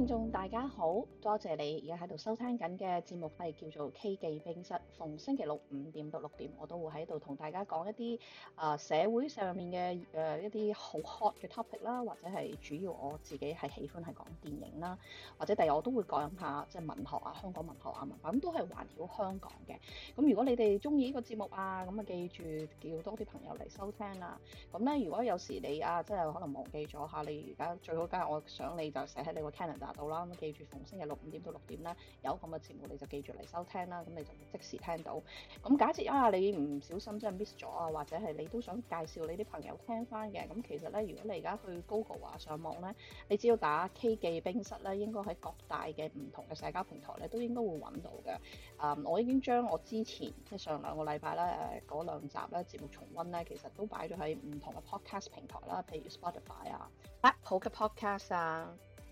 聽眾大家好，多謝你而家喺度收聽緊嘅節目係叫做 K 記冰室。逢星期六五點到六點，我都會喺度同大家講一啲啊、呃、社會上面嘅誒一啲好 hot 嘅 topic 啦，或者係主要我自己係喜歡係講電影啦，或者第日我都會講下即係、就是、文學啊，香港文學啊，文化咁都係環繞香港嘅。咁如果你哋中意呢個節目啊，咁啊記住叫多啲朋友嚟收聽啦。咁咧，如果有時你啊即係可能忘記咗下，你而家最好梗係我想你就寫喺你個 calendar 到啦，咁記住逢星期六五點到六點咧，有咁嘅節目你就記住嚟收聽啦，咁你就會即時聽到。咁假設啊，你唔小心真係 miss 咗啊，或者係你都想介紹你啲朋友聽翻嘅，咁其實咧，如果你而家去 Google 啊上網咧，你只要打 K 記冰室咧，應該喺各大嘅唔同嘅社交平台咧，都應該會揾到嘅。啊、嗯，我已經將我之前即上兩個禮拜咧誒嗰兩集咧節目重溫咧，其實都擺咗喺唔同嘅 podcast 平台啦，譬如 Spotify 啊、Apple 嘅 podcast 啊。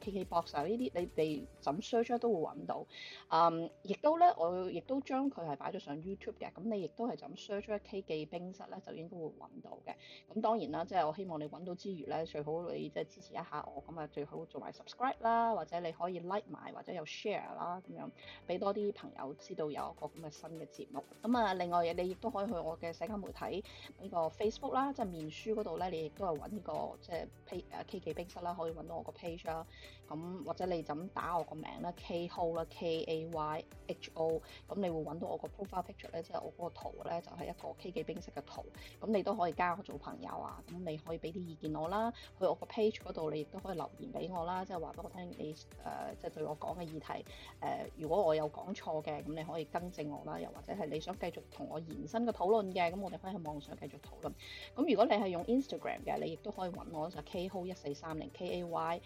KK Box 呢啲你哋怎 search 都都會揾到。嗯，亦都咧，我亦都將佢係擺咗上 YouTube 嘅。咁你亦都係就咁 search K 記冰室咧，就應該會揾到嘅。咁當然啦，即係我希望你揾到之餘咧，最好你即係支持一下我。咁啊，最好做埋 subscribe 啦，或者你可以 like 埋，或者有 share 啦，咁樣俾多啲朋友知道有一個咁嘅新嘅節目。咁啊，另外嘢你亦都可以去我嘅社交媒體呢個 Facebook 啦，即係面書嗰度咧，你亦都係揾呢個即係 K 記冰室啦，可以揾到我個 page 啦。咁或者你就打我個名啦 Kayho, k a、y、h o 啦，K A Y H O，咁你會揾到我個 profile picture 咧，即係我嗰個圖咧，就係一個 K 記冰室嘅圖。咁你都可以加我做朋友啊。咁你可以俾啲意見我啦，去我個 page 嗰度，你亦都可以留言俾我啦。即係話俾我聽你誒，即、呃、係、就是、對我講嘅議題。誒、呃，如果我有講錯嘅，咁你可以更正我啦。又或者係你想繼續同我延伸嘅討論嘅，咁我哋可以喺網上繼續討論。咁如果你係用 Instagram 嘅，你亦都可以揾我就係、k, 30, Kayho 一四三零 K A Y。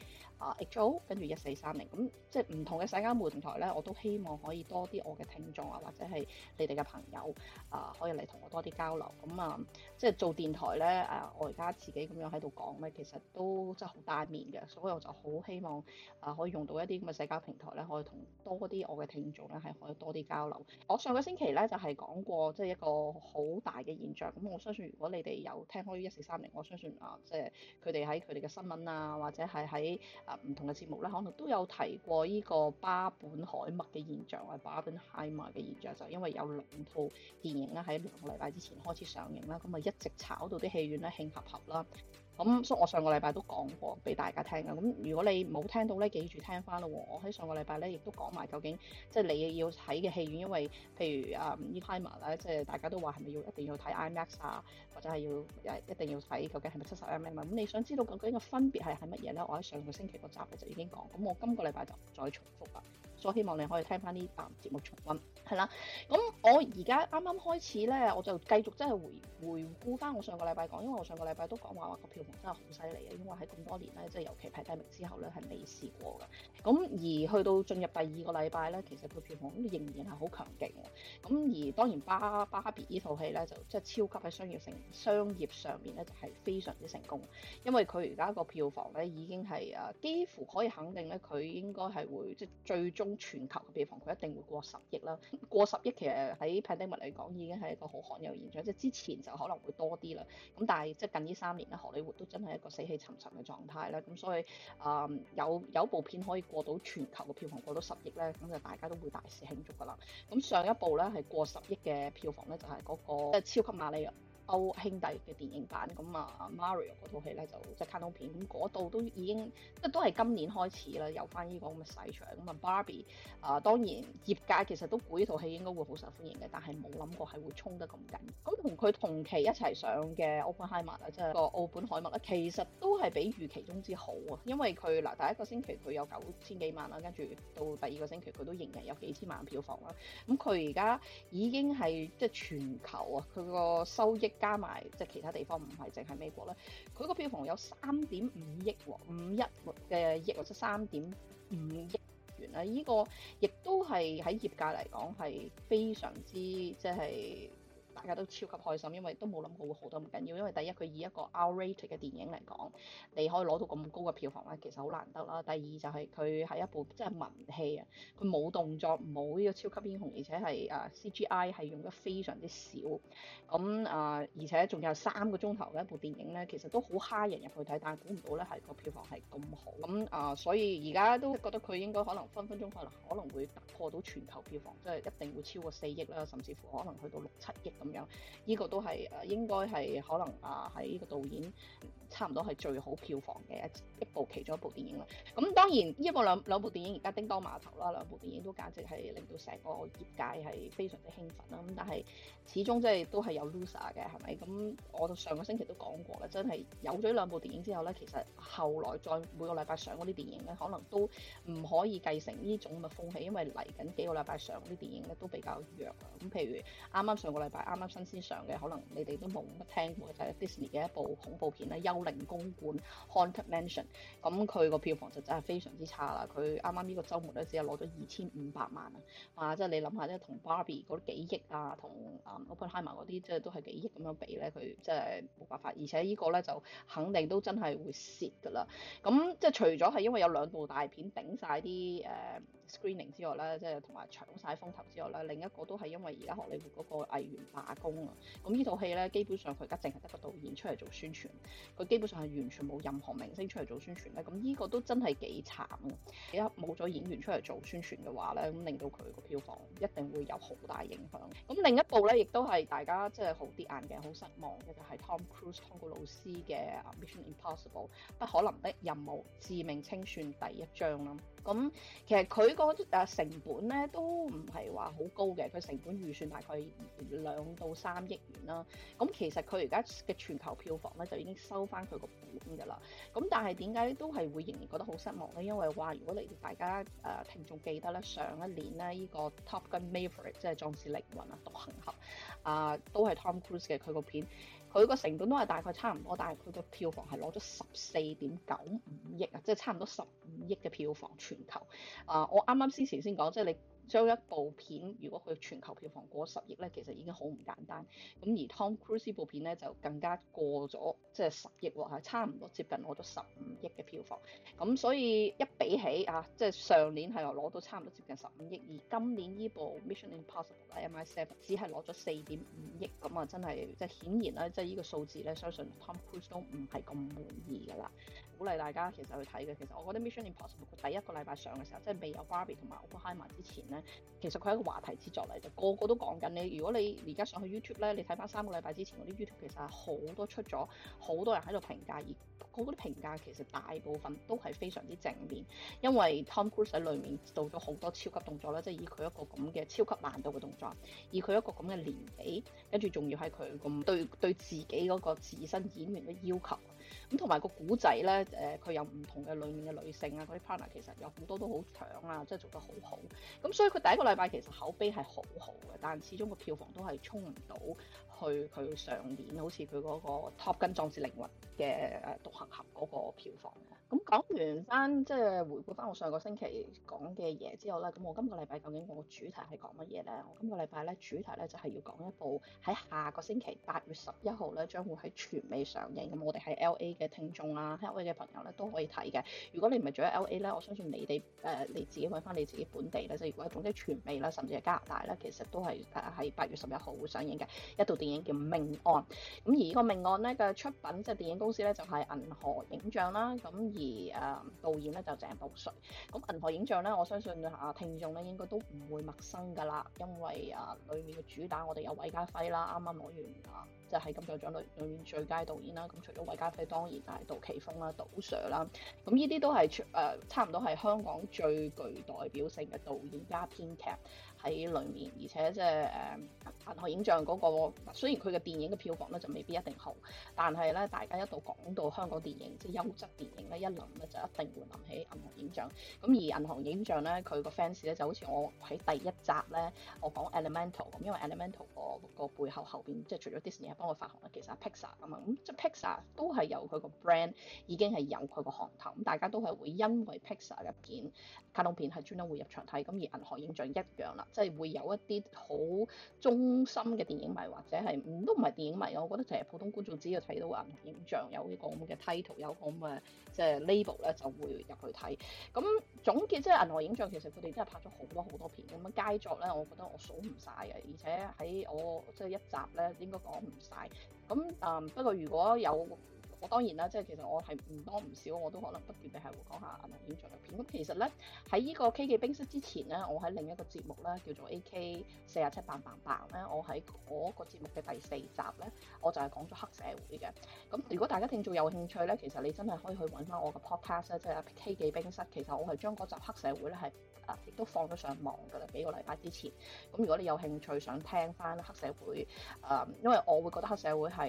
啊、uh,，Kay Ho 跟住一四三零，咁即係唔同嘅社交平台咧，我都希望可以多啲我嘅聽眾啊，或者係你哋嘅朋友啊、呃，可以嚟同我多啲交流。咁、嗯、啊，即係做電台咧，誒、呃，我而家自己咁樣喺度講咧，其實都真係好單面嘅，所以我就好希望啊、呃，可以用到一啲咁嘅社交平台咧，可以同多啲我嘅聽眾咧，係可以多啲交流。我上個星期咧就係、是、講過，即係一個好大嘅現象。咁、嗯、我，我相信，如果你哋有聽開一四三零，我相信啊，即係佢哋喺佢哋嘅新聞啊，或者係喺，呃唔同嘅節目咧，可能都有提過呢個巴本海默嘅現象啊，或者巴本海默嘅現象就因為有兩套電影咧，喺兩個禮拜之前開始上映啦，咁啊，一直炒到啲戲院咧興合合啦。咁所以我上個禮拜都講過俾大家聽㗎，咁如果你冇聽到咧，記住聽返咯喎。我喺上個禮拜咧亦都講埋究竟，即係你要睇嘅戲院，因為譬如啊，嗯《Oppenheimer》咧，即係大家都話係咪要一定要睇 IMAX 啊，或者係要一一定要睇，究竟係咪七十 mm 呀。咁你想知道究竟嘅分別係係乜嘢咧？我喺上個星期嗰集我就已經講，咁我今個禮拜就再重複啦。我希望你可以聽翻呢啲節目重溫，係啦。咁我而家啱啱開始咧，我就繼續真係回回顧翻我上個禮拜講，因為我上個禮拜都講話話個票房真係好犀利啊！因為喺咁多年咧，即係尤其排第一名之後咧，係未試過嘅。咁而去到進入第二個禮拜咧，其實個票房仍然係好強勁嘅。咁而當然、Bar《芭比》依套戲咧，就即係超級喺商業性商業上面咧，就係非常之成功，因為佢而家個票房咧已經係啊幾乎可以肯定咧，佢應該係會即係最終。全球嘅票房佢一定會過十億啦，過十億其實喺 pandemic 嚟講已經係一個好罕有現象，即係之前就可能會多啲啦。咁但係即係近呢三年咧，荷里活都真係一個死氣沉沉嘅狀態咧。咁所以啊、嗯，有有部片可以過到全球嘅票房過到十億咧，咁就大家都會大肆慶祝㗎啦。咁上一部咧係過十億嘅票房咧，就係、是、嗰、那個即係《超級瑪麗》。歐兄弟嘅電影版咁啊，Mario 嗰套戲咧就即係卡通片，咁嗰度都已經即都係今年開始啦，有翻呢個咁嘅細場咁啊。Barbie 啊、呃，當然業界其實都估呢套戲應該會好受歡迎嘅，但係冇諗過係會衝得咁緊。咁同佢同期一齊上嘅奧本海默啊，即係個奧本海默咧，其實都係比預期中之好啊，因為佢嗱第一個星期佢有九千幾萬啦，跟住到第二個星期佢都仍然有幾千萬票房啦。咁佢而家已經係即係全球啊，佢個收益。加埋即係其他地方唔係淨係美國啦。佢個票房有三點五億，五一嘅億或者三點五億元啦，呢個亦都係喺業界嚟講係非常之即係。大家都超級開心，因為都冇諗過會好得咁緊要。因為第一，佢以一個 R-rated 嘅電影嚟講，你可以攞到咁高嘅票房咧，其實好難得啦。第二就係佢係一部真係文戲啊，佢冇動作，冇呢個超級英雄，而且係啊、uh, CGI 係用得非常之少。咁啊，uh, 而且仲有三個鐘頭嘅一部電影咧，其實都好蝦人入去睇，但係估唔到咧係個票房係咁好。咁啊，uh, 所以而家都覺得佢應該可能分分鐘可能可能會突破到全球票房，即係一定會超過四億啦，甚至乎可能去到六七億。咁樣，呢個都係誒，應該係可能啊，喺呢個導演差唔多係最好票房嘅一一部其中一部電影啦。咁當然呢一部兩兩部電影而家叮噹馬頭啦，兩部電影都簡直係令到成個業界係非常之興奮啦。咁但係始終即係都係有 loser 嘅，係咪？咁我上個星期都講過啦，真係有咗兩部電影之後咧，其實後來再每個禮拜上嗰啲電影咧，可能都唔可以繼承呢種嘅風氣，因為嚟緊幾個禮拜上嗰啲電影咧都比較弱。咁譬如啱啱上個禮拜啱啱新鮮上嘅，可能你哋都冇乜聽過，就係 Disney 嘅一部恐怖片啦，零公館 Haunted Mansion，咁佢個票房就真係非常之差啦。佢啱啱呢個週末咧，只係攞咗二千五百萬啊！即係你諗下，啊嗯，即係同 Barbie 嗰幾億啊，同 Oppenheimer 嗰啲，即係都係幾億咁樣比咧，佢即係冇辦法。而且呢個咧就肯定都真係會蝕㗎啦。咁即係除咗係因為有兩部大片頂晒啲誒，呃 screening 之外咧，即係同埋搶晒風頭之外咧，另一個都係因為而家荷里活嗰個藝員罷工啊，咁呢套戲咧，基本上佢而家淨係得個導演出嚟做宣傳，佢基本上係完全冇任何明星出嚟做宣傳咧，咁呢個都真係幾慘啊！而家冇咗演員出嚟做宣傳嘅話咧，咁令到佢個票房一定會有好大影響。咁另一部咧，亦都係大家即係好跌眼鏡、好失望嘅就係、是、Tom Cruise 湯告魯斯嘅 Mission Impossible 不可能的任務致命清算第一章啦。咁、嗯、其實佢個誒成本咧都唔係話好高嘅，佢成本預算大概兩到三億元啦。咁、嗯、其實佢而家嘅全球票房咧就已經收翻佢個本㗎啦。咁、嗯、但係點解都係會仍然覺得好失望咧？因為哇，如果你哋大家誒、呃、聽眾記得咧，上一年咧呢、這個《Top Gun Maverick》即係《壯志凌雲》啊，《獨行俠》啊、呃，都係 Tom Cruise 嘅佢個片。佢個成本都係大概差唔多，但係佢個票房係攞咗十四點九五億啊，即係差唔多十五億嘅票房全球。啊、呃，我啱啱之前先講，即係你，將一部片如果佢全球票房過十億咧，其實已經好唔簡單。咁而 Tom Cruise 部片咧就更加過咗，即係十億喎，差唔多接近攞咗十五億嘅票房。咁所以一比起啊，即係上年係攞到差唔多接近十五億，而今年呢部 Mission Impossible M.I. Seven 只係攞咗四點五億，咁啊真係即係顯然咧，即係呢個數字咧，相信 Tom Cruise 都唔係咁滿意㗎啦。鼓勵大家其實去睇嘅，其實我覺得 Mission Impossible 佢第一個禮拜上嘅時候，即係未有 Barbie 同埋 Oppenheimer 之前。其實佢係一個話題之作嚟，個個都講緊你。如果你而家上去 YouTube 咧，你睇翻三個禮拜之前嗰啲 YouTube，其實係好多出咗，好多人喺度評價，而嗰啲評價其實大部分都係非常之正面，因為 Tom Cruise 喺裏面做咗好多超級動作咧，即係以佢一個咁嘅超級難度嘅動作，以佢一個咁嘅年紀，跟住仲要係佢咁對對自己嗰個自身演員嘅要求。咁、呃、同埋個古仔咧，誒佢有唔同嘅裡面嘅女性啊，嗰啲 partner 其實有好多都好搶啊，即係做得好好。咁所以佢第一個禮拜其實口碑係好好嘅，但係始終票個，、呃、個票房都係衝唔到去佢上年好似佢嗰個《Top Gun 壯志凌雲》嘅誒《獨行俠》嗰個票房。咁講完翻，即係回顧翻我上個星期講嘅嘢之後呢。咁我今個禮拜究竟我個主題係講乜嘢呢？我今個禮拜咧主題呢就係要講一部喺下個星期八月十一號咧將會喺全美上映。咁我哋喺 L A 嘅聽眾啦，L A 嘅朋友咧都可以睇嘅。如果你唔係住喺 L A 咧，我相信你哋、呃、你自己揾翻你自己本地咧，即係如果喺全即係全美啦，甚至係加拿大咧，其實都係誒喺八月十一號會上映嘅。一部電影叫《命案》。咁而呢個命案咧嘅出品即係電影公司咧就係銀河映像啦。而誒導演咧就鄭保瑞，咁銀河映像咧，我相信啊聽眾咧應該都唔會陌生噶啦，因為啊裡面嘅主打我哋有韋家輝啦，啱啱攞完啊，就係金像獎裏裏面最佳導演啦。咁除咗韋家輝，當然就係杜琪峰啦、杜 Sir 啦，咁呢啲都係誒、呃、差唔多係香港最具代表性嘅導演加編劇。喺裏面，而且即係誒銀河映像嗰、那個，雖然佢嘅電影嘅票房咧就未必一定好，但係咧大家一度講到香港電影，即係優質電影咧，一諗咧就一定會諗起銀河映像。咁而銀河映像咧，佢個 fans 咧就好似我喺第一集咧，我講 Elemental 咁，因為 Elemental 個、那個背後後邊即係除咗 Disney 係幫佢發行啦，其實 Pixar 啊嘛，咁即係 Pixar 都係有佢個 brand 已經係有佢個行頭，咁大家都係會因為 Pixar 入邊，卡通片係專登會入場睇，咁而銀河影像一樣啦，即係會有一啲好忠心嘅電影迷，或者係唔都唔係電影迷，我覺得就係普通觀眾只要睇到銀河影像有呢個咁嘅 title，有咁嘅即係 label 咧，就會入去睇。咁總結即係銀河影像其實佢哋真係拍咗好多好多片，咁樣佳作咧，我覺得我數唔晒嘅，而且喺我即係一集咧應該講唔晒。咁啊不過如果有。我當然啦，即係其實我係唔多唔少，我都可能不斷地係會講下銀河映像嘅片。咁其實咧喺呢個 K 記冰室之前咧，我喺另一個節目咧叫做 A K 四七棒棒棒咧，我喺嗰個節目嘅第四集咧，我就係講咗黑社會嘅。咁如果大家聽眾有興趣咧，其實你真係可以去揾翻我個 podcast 即係 K 記冰室。其實我係將嗰集黑社會咧係誒亦都放咗上網㗎啦，幾個禮拜之前。咁如果你有興趣想聽翻黑社會誒、嗯，因為我會覺得黑社會係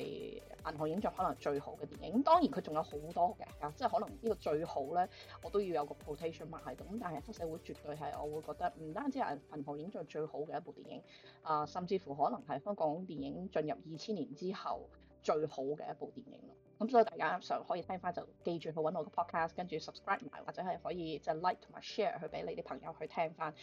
銀河映像可能最好嘅電影。咁當然佢仲有好多嘅，即係可能呢個最好咧，我都要有個 potential mark 喺度。咁但係《黑社會》絕對係我會覺得唔單止係銀河映像最最好嘅一部電影，啊、呃，甚至乎可能係香港電影進入二千年之後最好嘅一部電影。咁所以大家常可以聽翻就記住去揾我個 podcast，跟住 subscribe 埋或者係可以即係 like 同埋 share 去俾你啲朋友去聽翻。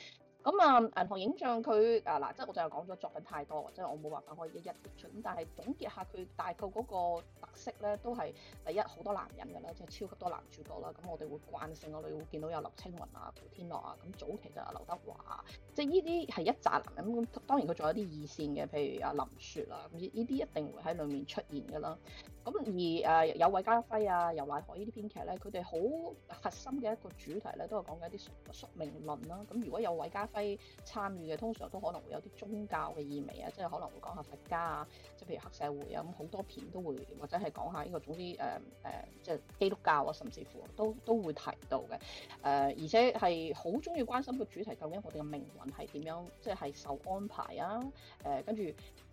咁啊、嗯，銀河映像佢啊嗱，即係我就係講咗作品太多，即係我冇辦法可以一一列出。咁但係總結下佢大概嗰個特色咧，都係第一好多男人嘅咧，即係超級多男主角啦。咁我哋會慣性我哋會見到有劉青雲啊、古天樂啊。咁早期就劉德華、啊，即係呢啲係一紮男人。咁當然佢仲有啲二線嘅，譬如阿林雪啦、啊，咁呢啲一定會喺裏面出現嘅啦。咁而誒有韋家輝啊、游乃海呢啲編劇咧，佢哋好核心嘅一個主題咧，都係講緊一啲宿命論啦、啊。咁如果有韋家輝參與嘅，通常都可能會有啲宗教嘅意味啊，即係可能會講下佛家啊，即係譬如黑社會啊，咁好多片都會或者係講下呢個總之誒誒、呃，即係基督教啊，甚至乎都都會提到嘅。誒、呃、而且係好中意關心個主題，究竟我哋嘅命運係點樣？即係係受安排啊？誒跟住。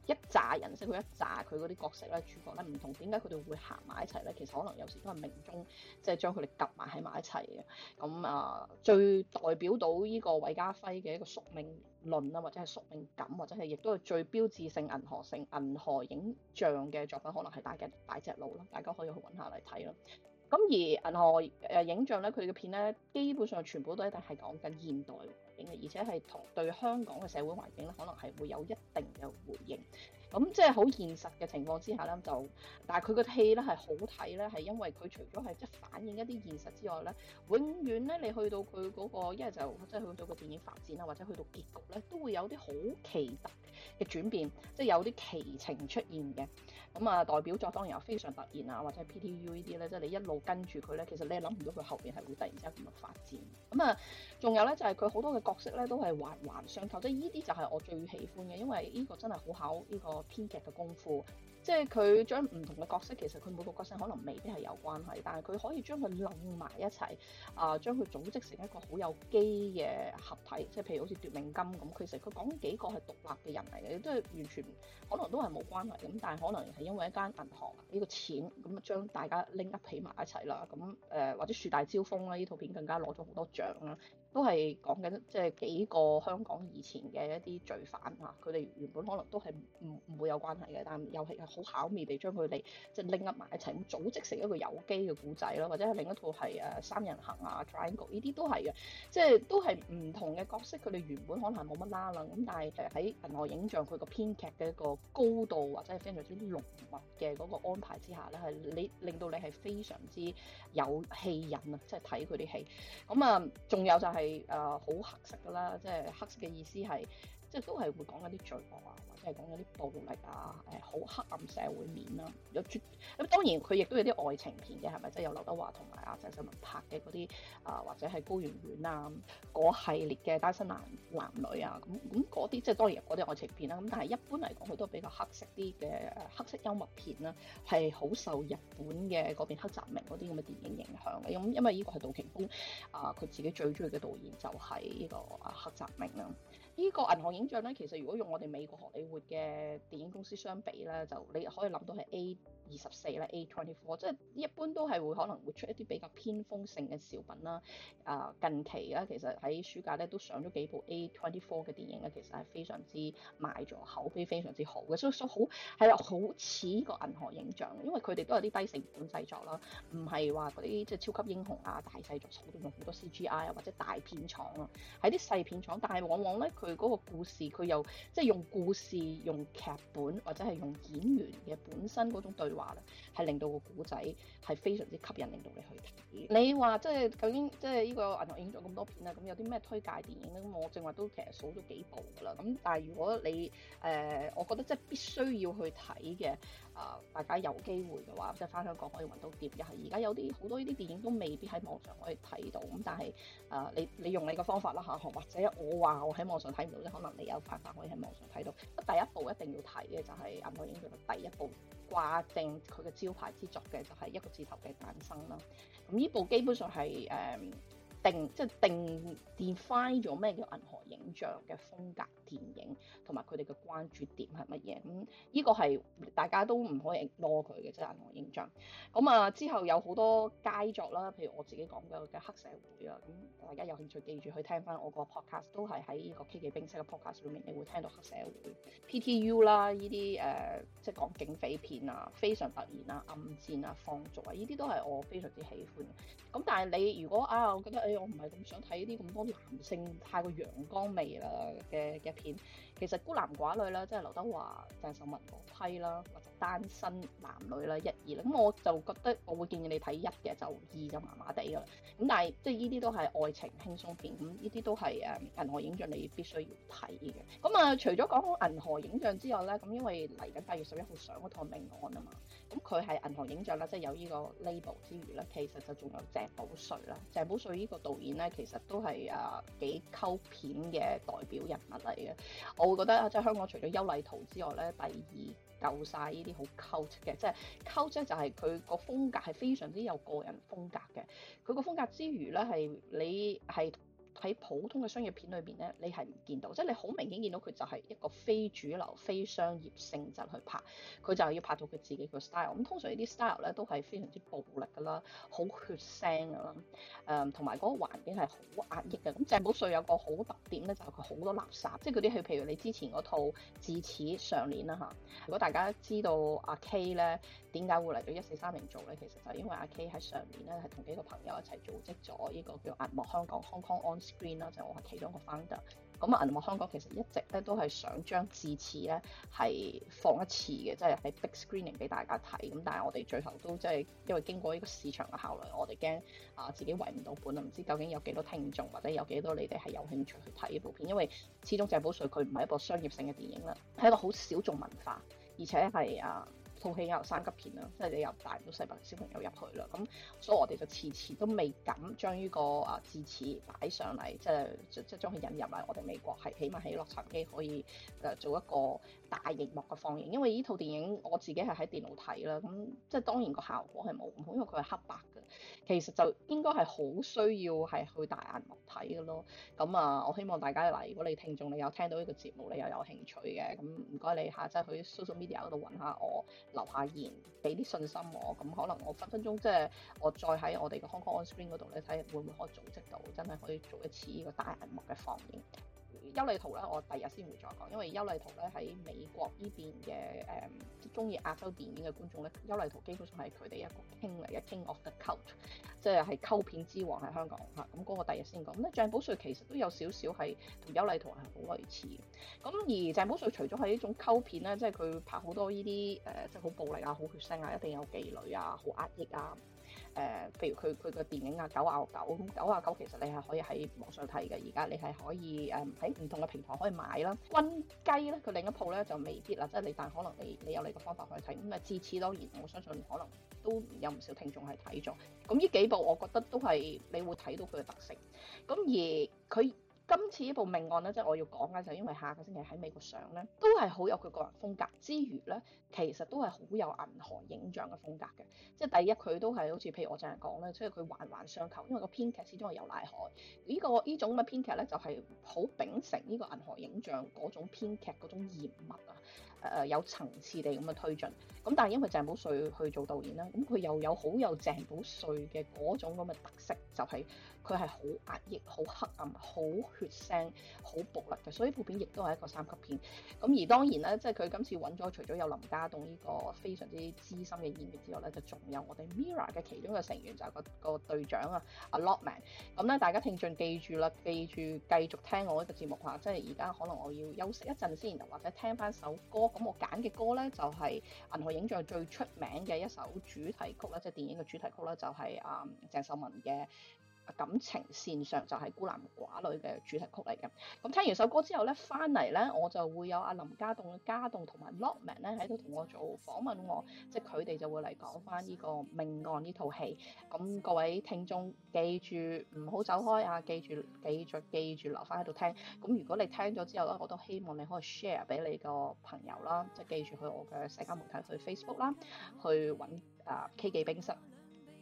一紮人識佢一紮，佢嗰啲角色咧、主角咧唔同，點解佢哋會行埋一齊咧？其實可能有時都係命中，即係將佢哋夾埋喺埋一齊嘅。咁啊、呃，最代表到呢個韋家輝嘅一個宿命論啊，或者係宿命感，或者係亦都係最標誌性銀河性銀河影像嘅作品，可能係《大嘅大隻佬》啦，大家可以去揾下嚟睇啦。咁而銀河誒影像咧，佢哋嘅片咧，基本上全部都一定係講緊現代。而且係同對香港嘅社會環境咧，可能係會有一定嘅回應。咁即係好現實嘅情況之下咧，就但係佢嘅戲咧係好睇咧，係因為佢除咗係即係反映一啲現實之外咧，永遠咧你去到佢嗰個一係就即係去到個電影發展啊，或者去到結局咧，都會有啲好奇特嘅轉變，即係有啲奇情出現嘅。咁啊，代表作當然又非常突然啊，或者係 PTU 呢啲咧，即係你一路跟住佢咧，其實你係諗唔到佢後邊係會突然之間點樣發展。咁啊，仲有咧就係佢好多嘅角色咧都係環環相扣，即係呢啲就係我最喜歡嘅，因為呢個真係好考呢個。偏激的功夫。即係佢將唔同嘅角色，其實佢每個角色可能未必係有關係，但係佢可以將佢撚埋一齊，啊、呃，將佢組織成一個好有機嘅合體。即係譬如好似奪命金咁，其實佢講幾個係獨立嘅人嚟嘅，都係完全可能都係冇關係咁。但係可能係因為一間銀行呢、這個錢，咁將大家拎一起埋一齊啦。咁、呃、誒或者樹大招風啦，呢套片更加攞咗好多獎啦，都係講緊即係幾個香港以前嘅一啲罪犯啊，佢哋原本可能都係唔唔會有關係嘅，但係尤其係。好巧妙地將佢哋就拎入埋一齊，組織成一個有機嘅故仔咯，或者係另一套係誒三人行啊、Triangle 呢啲都係嘅，即係都係唔同嘅角色，佢哋原本可能係冇乜拉楞咁，但係喺銀河映像佢個編劇嘅一個高度或者係非常之濃密嘅嗰個安排之下咧，係你令到你係非常之有戲癮啊！即係睇佢啲戲，咁啊，嗯，仲有就係誒好黑色㗎啦，即係黑色嘅意思係，即係都係會講緊啲罪惡啊。講咗啲暴力啊，誒，好黑暗社會面啦，啊，有絕咁。當然佢亦都有啲愛情片嘅，係咪？即係有劉德華同埋阿鄭秀文拍嘅嗰啲啊，或者係高圓圓啊嗰系列嘅單身男男女啊，咁咁嗰啲即係當然嗰啲愛情片啦，啊。咁但係一般嚟講，佢都係比較黑色啲嘅黑色幽默片啦，啊，係好受日本嘅嗰邊黑澤明嗰啲咁嘅電影影響嘅。咁因為呢個係杜琪峰啊，佢、呃、自己最中意嘅導演就係呢，這個啊黑澤明啦。呢個銀河映像呢，其實如果用我哋美國荷里活嘅電影公司相比呢，就你可以諗到係 A，二十四咧，A twenty four，即係一般都係會可能會出一啲比較偏鋒性嘅小品啦。啊、呃，近期啊，其實喺暑假咧都上咗幾部 A twenty four 嘅電影咧，其實係非常之賣座，口碑非常之好嘅，所以所好係啊，好似個銀河影像，因為佢哋都有啲低成本製作啦，唔係話啲即係超級英雄啊大製作，成日用好多 C G I 啊或者大片廠啊，喺啲細片廠，但係往往咧佢個故事佢又即係用故事、用劇本或者係用演員嘅本身嗰種對話。話咧係令到個古仔係非常之吸引，令到你去睇。你話即係究竟即係呢個銀河映像做咗咁多片啊？咁有啲咩推介電影咧？咁我正話都其實數咗幾部噶啦。咁但係如果你誒、呃，我覺得即係必須要去睇嘅啊，大家有機會嘅話，即係返香港可以揾到碟。又係而家有啲好多呢啲電影都未必喺網上可以睇到。咁但係誒、呃，你你用你嘅方法啦嚇，或者我話我喺網上睇唔到咧，可能你有辦法可以喺網上睇到。第一部一、就係第一部。第一部一定要睇嘅就係銀河映像第一部《瓜正。佢嘅、嗯、招牌之作嘅就係、是、一個字頭嘅誕生啦，咁、嗯、呢部基本上係誒。嗯定即係定 define 咗咩叫銀河影像嘅風格電影，同埋佢哋嘅關注點係乜嘢？咁、嗯、呢、這個係大家都唔可以 ignore 佢嘅，即係銀河影像。咁、嗯、啊之後有好多佳作啦，譬如我自己講嘅嘅黑社會啊，咁、嗯、大家有興趣記住去聽翻我個 podcast，都係喺呢個 K 記冰室嘅 podcast 裏面，你會聽到黑社會 PTU 啦呢啲誒即係講警匪片啊、非常突然啊、暗戰啊、放逐啊，呢啲都係我非常之喜歡，咁、嗯、但係你如果啊、哎，我覺得。我唔係咁想睇啲咁多男性太過陽剛味啦嘅嘅片，其實孤男寡女啦，即係劉德華鄭秀文嗰批啦。單身男女啦，一二啦，咁我就覺得我會建議你睇一嘅，就二就麻麻地噶啦。咁但係即係呢啲都係愛情輕鬆片，咁呢啲都係誒銀河影像你必須要睇嘅。咁、嗯、啊，除咗講銀河影像之外咧，咁因為嚟緊八月十一號上嗰套命案啊嘛，咁佢係銀河影像啦，即係有呢個 label 之餘咧，其實就仲有鄭保瑞啦。鄭保瑞呢個導演咧，其實都係誒幾溝片嘅代表人物嚟嘅。我會覺得即係香港除咗邱禮濤之外咧，第二。夠晒呢啲好 cult 嘅，即係 cult 咧就係佢個風格係非常之有個人風格嘅，佢個風格之餘呢，係你係，喺普通嘅商業片裏邊咧，你係唔見到，即係你好明顯見到佢就係一個非主流、非商業性質去拍，佢就要拍到佢自己嘅 style。咁通常呢啲 style 咧都係非常之暴力噶啦，好血腥噶啦，誒同埋嗰個環境係好壓抑嘅。咁、嗯、鄭保瑞有個好特點咧，就係佢好多垃圾，即係嗰啲係譬如你之前嗰套《智齒上年》啦嚇。如果大家知道阿 K 咧點解會嚟到一四三零做咧，其實就係因為阿 K 喺上年咧係同幾個朋友一齊組織咗呢個叫《壓莫香港》（Hong Kong On）。screen 啦，就我係其中一個 founder，嗯。咁啊，銀幕香港其實一直咧都係想將字次咧係放一次嘅，即係喺 big screening 俾大家睇。咁但係我哋最後都即、就、係、是、因為經過呢個市場嘅考慮，我哋驚啊自己圍唔到本啊，唔知究竟有幾多聽眾或者有幾多你哋係有興趣去睇呢部片，因為始終《鄭保瑞》佢唔係一部商業性嘅電影啦，係一個好小眾文化，而且係啊。呃套戲又三級片啦，即係你又帶唔到細朋小朋友入去啦，咁所以我哋就遲遲都未敢將呢、呢個啊字詞擺上嚟，即係即即將佢引入嚟我哋美國係起碼喺洛杉磯可以誒做一個大熒幕嘅放映，因為呢套電影我自己係喺電腦睇啦，咁即係當然個效果係冇咁好，因為佢係黑白嘅，其實就應該係好需要係去大熒幕睇嘅咯。咁啊，我希望大家嗱，如果你聽眾你有聽到呢個節目，你又有，有興趣嘅，咁唔該你下，即係去 social media 嗰度揾下我。留下言，俾啲信心我，咁、嗯、可能我分分鐘即係我再喺我哋嘅 Hong Kong On Screen 嗰度咧睇，看會唔會可以組織到真係可以做一次呢個大銀幕嘅放映？優利圖咧，我第日先會再講，因為優利圖咧喺美國呢邊嘅誒，中意亞洲電影嘅觀眾咧，優利圖基本上係佢哋一個 king 嚟，一 king of the cult 即係係溝片之王喺香港嚇。咁、嗯、嗰、那個第日先講咁咧。鄭、嗯、寶瑞其實都有少少係同優利圖係好類似嘅。咁而鄭寶瑞除咗係呢種溝片咧，即係佢拍好多呢啲誒，即係好暴力啊、好血腥啊、一定有妓女啊、好壓抑啊。誒，譬、呃、如佢佢個電影啊，狗咬狗，咁狗咬狗其實你係可以喺網上睇嘅，而家你係可以誒喺唔同嘅平台可以買啦。呢《軍雞》咧，佢另一部咧就未必啦，即係你，但可能你你有你嘅方法可以睇。咁啊，至此當然，我相信可能都有唔少聽眾係睇咗。咁呢幾部我覺得都係你會睇到佢嘅特色。咁而佢。今次呢部命案咧，即係我要講咧，就因為下個星期喺美國上咧，都係好有佢個人風格之餘咧，其實都係好有銀河影像嘅風格嘅。即係第一，佢都係好似譬如我淨係講咧，即係佢環環相扣，因為個編劇始終係游乃海。呢、這個呢種咁嘅編劇咧，就係、是、好秉承呢個銀河影像嗰種編劇嗰種嚴密啊，誒、呃、有層次地咁嘅推進。咁但係因為鄭保瑞去做導演啦，咁佢又有好有鄭保瑞嘅嗰種咁嘅特色，就係、是。佢係好壓抑、好黑暗、好血腥、好暴力嘅，所以套片亦都係一個三級片。咁而當然咧，即係佢今次揾咗除咗有林家棟呢個非常之資深嘅演員之外咧，就仲有我哋 Mirror 嘅其中嘅成員就係個個隊長啊，阿 Lokman。咁咧、嗯，大家聽盡記住啦，記住繼續聽我呢個節目嚇。即係而家可能我要休息一陣先，或者聽翻首歌。咁我揀嘅歌咧就係銀河映像最出名嘅一首主題曲啦，即係電影嘅主題曲啦、就是，就係啊鄭秀文嘅。感情線上就係孤男寡女嘅主題曲嚟嘅，咁聽完首歌之後咧，翻嚟咧我就會有阿林家棟、家棟同埋 Lokman 咧喺度同我做訪問我，即係佢哋就會嚟講翻呢個命案呢套戲。咁各位聽眾記住唔好走開啊，記住記住記住留翻喺度聽。咁如果你聽咗之後咧，我都希望你可以 share 俾你個朋友啦，即係記住去我嘅社交媒體去 Facebook 啦，去揾啊 K 記冰室。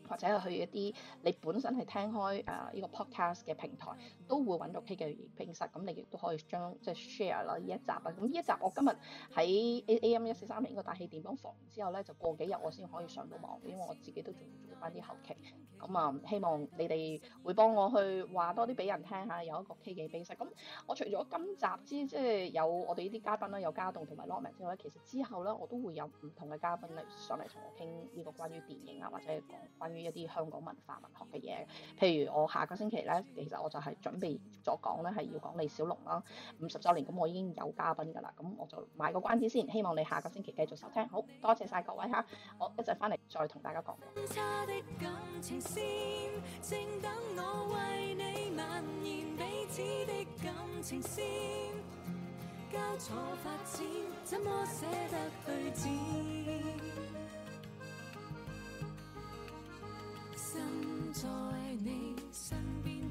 或者去一啲你本身係聽開誒呢、uh, 個 podcast 嘅平台。都會揾到 K 記拼殺，咁你亦都可以將即係 share 啦，依、就是、一集啊。咁依一集我今日喺 a m 一四三零個大氣電影房之後咧，就過幾日我先可以上到網，因為我自己都仲做翻啲後期。咁啊，希望你哋會幫我去話多啲俾人聽下有一個 K 記拼殺。咁我除咗今集之即係有我哋呢啲嘉賓啦，有嘉棟同埋 l o、ok、之外，其實之後咧我都會有唔同嘅嘉賓嚟上嚟同我傾呢個關於電影啊，或者講關於一啲香港文化文學嘅嘢。譬如我下個星期咧，其實我就係準。未再講啦，係要講李小龍啦，五十週年，咁我已經有嘉賓噶啦，咁我就賣個關子先，希望你下個星期繼續收聽，好多謝晒各位嚇，我一陣翻嚟再同大家講。差的感情線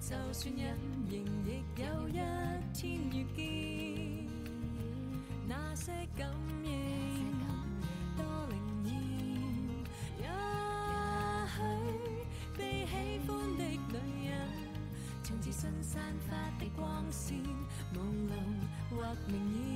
就算隱形，亦有一天遇見，那些感應多靈驗，也許被喜歡的女人，從自信散發的光線，朦朧或明艷。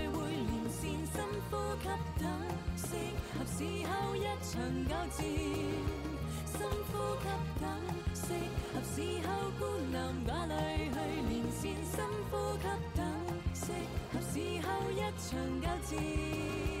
深呼吸等，等適合時候一場交戰。深呼吸等，等適合時候孤男寡女去連線。深呼吸等，等適合時候一場交戰。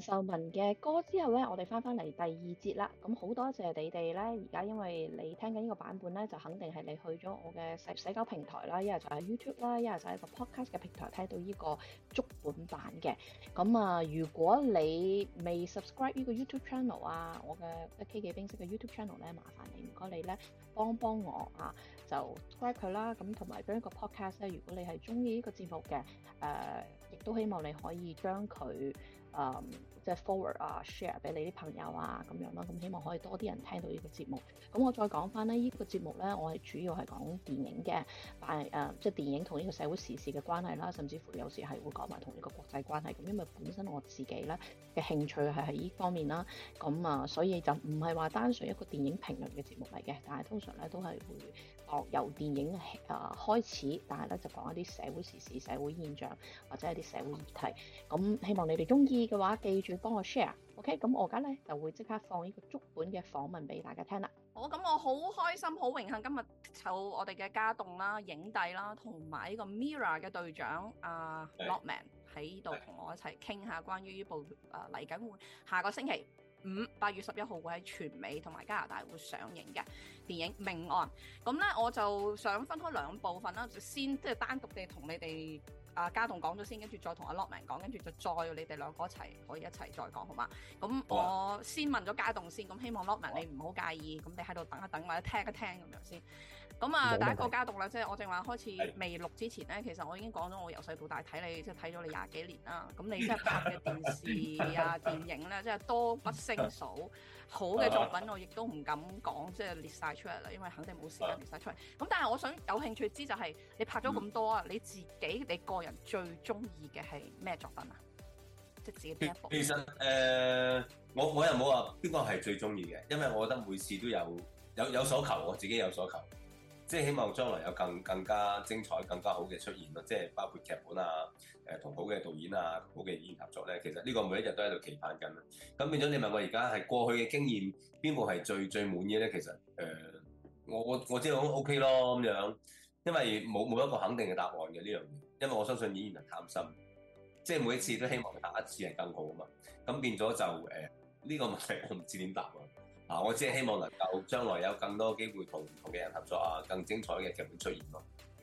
秀文嘅歌之後咧，我哋翻翻嚟第二節啦。咁好多謝你哋咧，而家因為你聽緊呢個版本咧，就肯定係你去咗我嘅社社交平台啦，一係就喺 YouTube 啦，一係就喺個 podcast 嘅平台睇到呢個足本版嘅。咁啊，如果你未 subscribe 呢個 YouTube channel 啊，我嘅一 K 記冰室嘅 YouTube channel 咧，麻煩你唔該你咧幫幫我啊，就 subscribe 佢啦。咁同埋將一個 podcast 咧，如果你係中意呢個節目嘅，誒，亦都希望你可以將佢。誒，um, 即係 forward 啊、uh,，share 俾你啲朋友啊，咁樣啦，咁、嗯、希望可以多啲人聽到呢個節目。咁、嗯、我再講翻咧，呢、呢個節目咧，我係主要係講電影嘅，但係誒、呃、即係電影同呢個社會時事嘅關係啦，甚至乎有時係會講埋同一個國際關係。咁。因為本身我自己咧嘅興趣係喺呢方面啦，咁、嗯、啊、嗯，所以就唔係話單純一個電影評論嘅節目嚟嘅，但係通常咧都係會，由電影啊、呃、開始，但係咧就講一啲社會時事、社會現象或者一啲社會議題。咁、嗯、希望你哋中意嘅話，記住幫我 share。OK，咁、嗯、我而家咧就會即刻放呢個足本嘅訪問俾大家聽啦。好，咁我好開心、好榮幸今，今日就我哋嘅家棟啦、影帝啦，同埋呢個 MIRROR 嘅隊長啊、uh,，Lokman 喺度同我一齊傾下關於呢部啊嚟緊會下個星期，五八月十一號會喺全美同埋加拿大會上映嘅電影《命案》。咁咧我就想分開兩部分啦，就先即係單獨地同你哋啊家棟講咗先，跟住再同阿 Lokman 講，跟住就再你哋兩個一齊可以一齊再講好嘛？咁我先問咗家棟先，咁希望 Lokman 你唔好介意，咁你喺度等一等或者聽一聽咁樣先。咁啊，第一個家棟啦，即係我正話開始未錄之前咧，其實我已經講咗，我由細到大睇你，即係睇咗你廿幾年啦。咁你即係拍嘅電視啊、電影咧， 即係多不勝數。好嘅作品我，我亦都唔敢講，即係列晒出嚟啦，因為肯定冇時間列晒出嚟。咁 但係我想有興趣知就係你拍咗咁多啊， 你自己你個人最中意嘅係咩作品啊？即係 自己邊一部。其實誒，我我又冇話邊個係最中意嘅，因為我覺得每次都有有有所求，我自己有所求。即係希望將來有更更加精彩、更加好嘅出現咯，即係包括劇本啊，誒、呃、同好嘅導演啊、好嘅演員合作咧，其實呢個每一日都喺度期盼緊。咁變咗你問我而家係過去嘅經驗，邊部係最最滿意咧？其實誒、呃，我我我知道 OK 咯咁樣，因為冇冇一個肯定嘅答案嘅呢樣嘢，因為我相信演員係貪心，即係每一次都希望下一次係更好啊嘛。咁變咗就誒，呢、呃呢個問題我唔知點答啊。我只係希望能夠將來有更多機會同唔同嘅人合作啊，更精彩嘅劇本出現。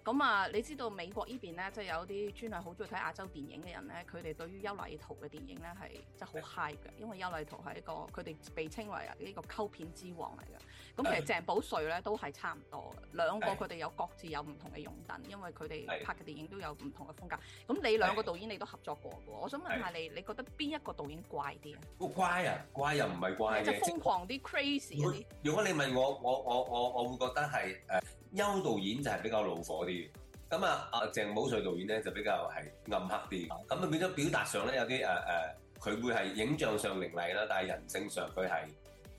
咁啊、嗯，你知道美國邊呢邊咧，即、就、係、是、有啲專係好中意睇亞洲電影嘅人咧，佢哋對於邱禮濤嘅電影咧係即係好 high 嘅，因為邱禮濤係一個佢哋被稱為啊呢個溝片之王嚟嘅。咁其實鄭保瑞咧都係差唔多嘅，兩個佢哋有各自有唔同嘅擁躉，因為佢哋拍嘅電影都有唔同嘅風格。咁你兩個導演你都合作過嘅，我想問下你，你覺得邊一個導演怪啲啊？怪啊，怪又唔係怪嘅，即係瘋狂啲我，crazy 啲。如果你問我，我我我我會覺得係誒。Uh 邱導演就係比較怒火啲，咁、嗯、啊，阿鄭保瑞導演咧就比較係暗黑啲，咁啊變咗表達上咧有啲誒誒，佢、呃呃、會係影像上凌厲啦，但係人性上佢係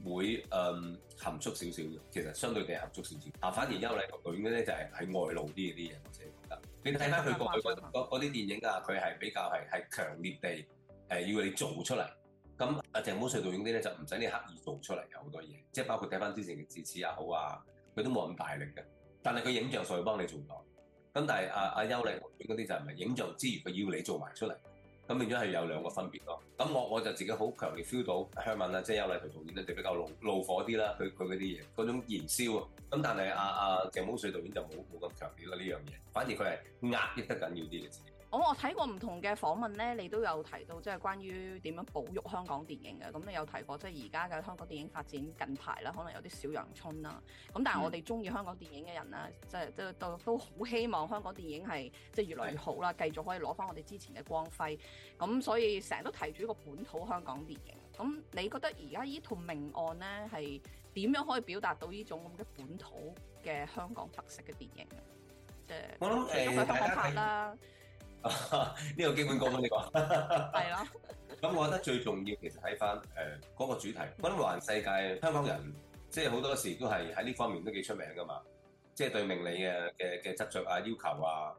會誒、呃、含蓄少少嘅，其實相對地含蓄少少。啊，反而邱禮濤導演嗰就係、是、喺外露啲嗰啲嘢，我先覺得。你睇翻佢過去嗰啲、那個、電影啊，佢係比較係係強烈地係、呃、要你做出嚟。咁、嗯、阿、啊、鄭保瑞導演啲咧就唔使你刻意做出嚟有好多嘢，即係包括睇翻之前嘅、啊《智齒也好啊》，佢都冇咁大力嘅。但係佢影像上係幫你做咗，咁但係阿阿邱禮濤導演嗰啲就唔係影像資源佢要你做埋出嚟，咁變咗係有兩個分別咯。咁我我就自己好強烈 feel 到 Herman 啊，即係邱禮濤導演咧就比較怒怒火啲啦，佢佢嗰啲嘢嗰種燃燒啊。咁但係阿阿鄭保瑞導演就冇冇咁強烈咯呢樣嘢，反而佢係壓抑得緊要啲嘅。哦、我睇過唔同嘅訪問咧，你都有提到即係關於點樣保育香港電影嘅。咁、嗯、你有提過即係而家嘅香港電影發展近排啦，可能有啲小陽春啦、啊。咁、嗯、但係我哋中意香港電影嘅人啦，即係都都都好希望香港電影係即係越嚟越好啦，繼續可以攞翻我哋之前嘅光輝。咁、嗯、所以成日都提住一個本土香港電影。咁、嗯、你覺得而家依套命案咧係點樣可以表達到依種咁嘅本土嘅香港特色嘅電影？誒、嗯，始終喺香港拍啦。嗯嗯嗯呢 個基本講緊呢個，係咯。咁 我覺得最重要其實睇翻誒嗰個主題。我諗華人世界香港人，即係好多時都係喺呢方面都幾出名噶嘛。即係對命理嘅嘅嘅執着啊、要求啊，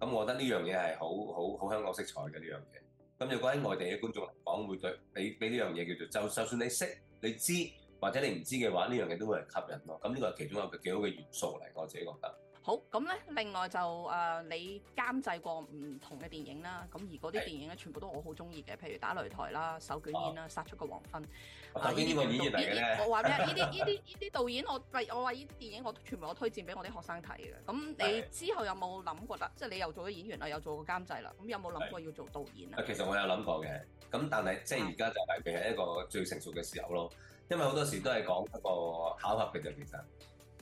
咁我覺得呢樣嘢係好好好香港色彩嘅呢樣嘢。咁就講喺外地嘅觀眾嚟講，會對俾俾呢樣嘢叫做就，就算你識你知或者你唔知嘅話，呢樣嘢都會係吸引咯、啊。咁呢個係其中一個幾好嘅元素嚟，我自己覺得。好，咁咧，另外就誒、啊，你監製過唔同嘅電影啦，咁、啊、而嗰啲電影咧，全部都我好中意嘅，譬如打擂台啦、手捲煙啦、啊、殺出個黃昏。我呢、啊、個演員我話咩？呢啲呢啲呢啲導演，我我話呢啲電影我，我全部我推薦俾我啲學生睇嘅。咁你之後有冇諗過啦？的即係你又做咗演員啦，又做過監製啦，咁有冇諗過要做導演啊？其實我有諗過嘅，咁但係即係而家就未係一個最成熟嘅時候咯，因為好多時都係講一個考核嘅啫，其實。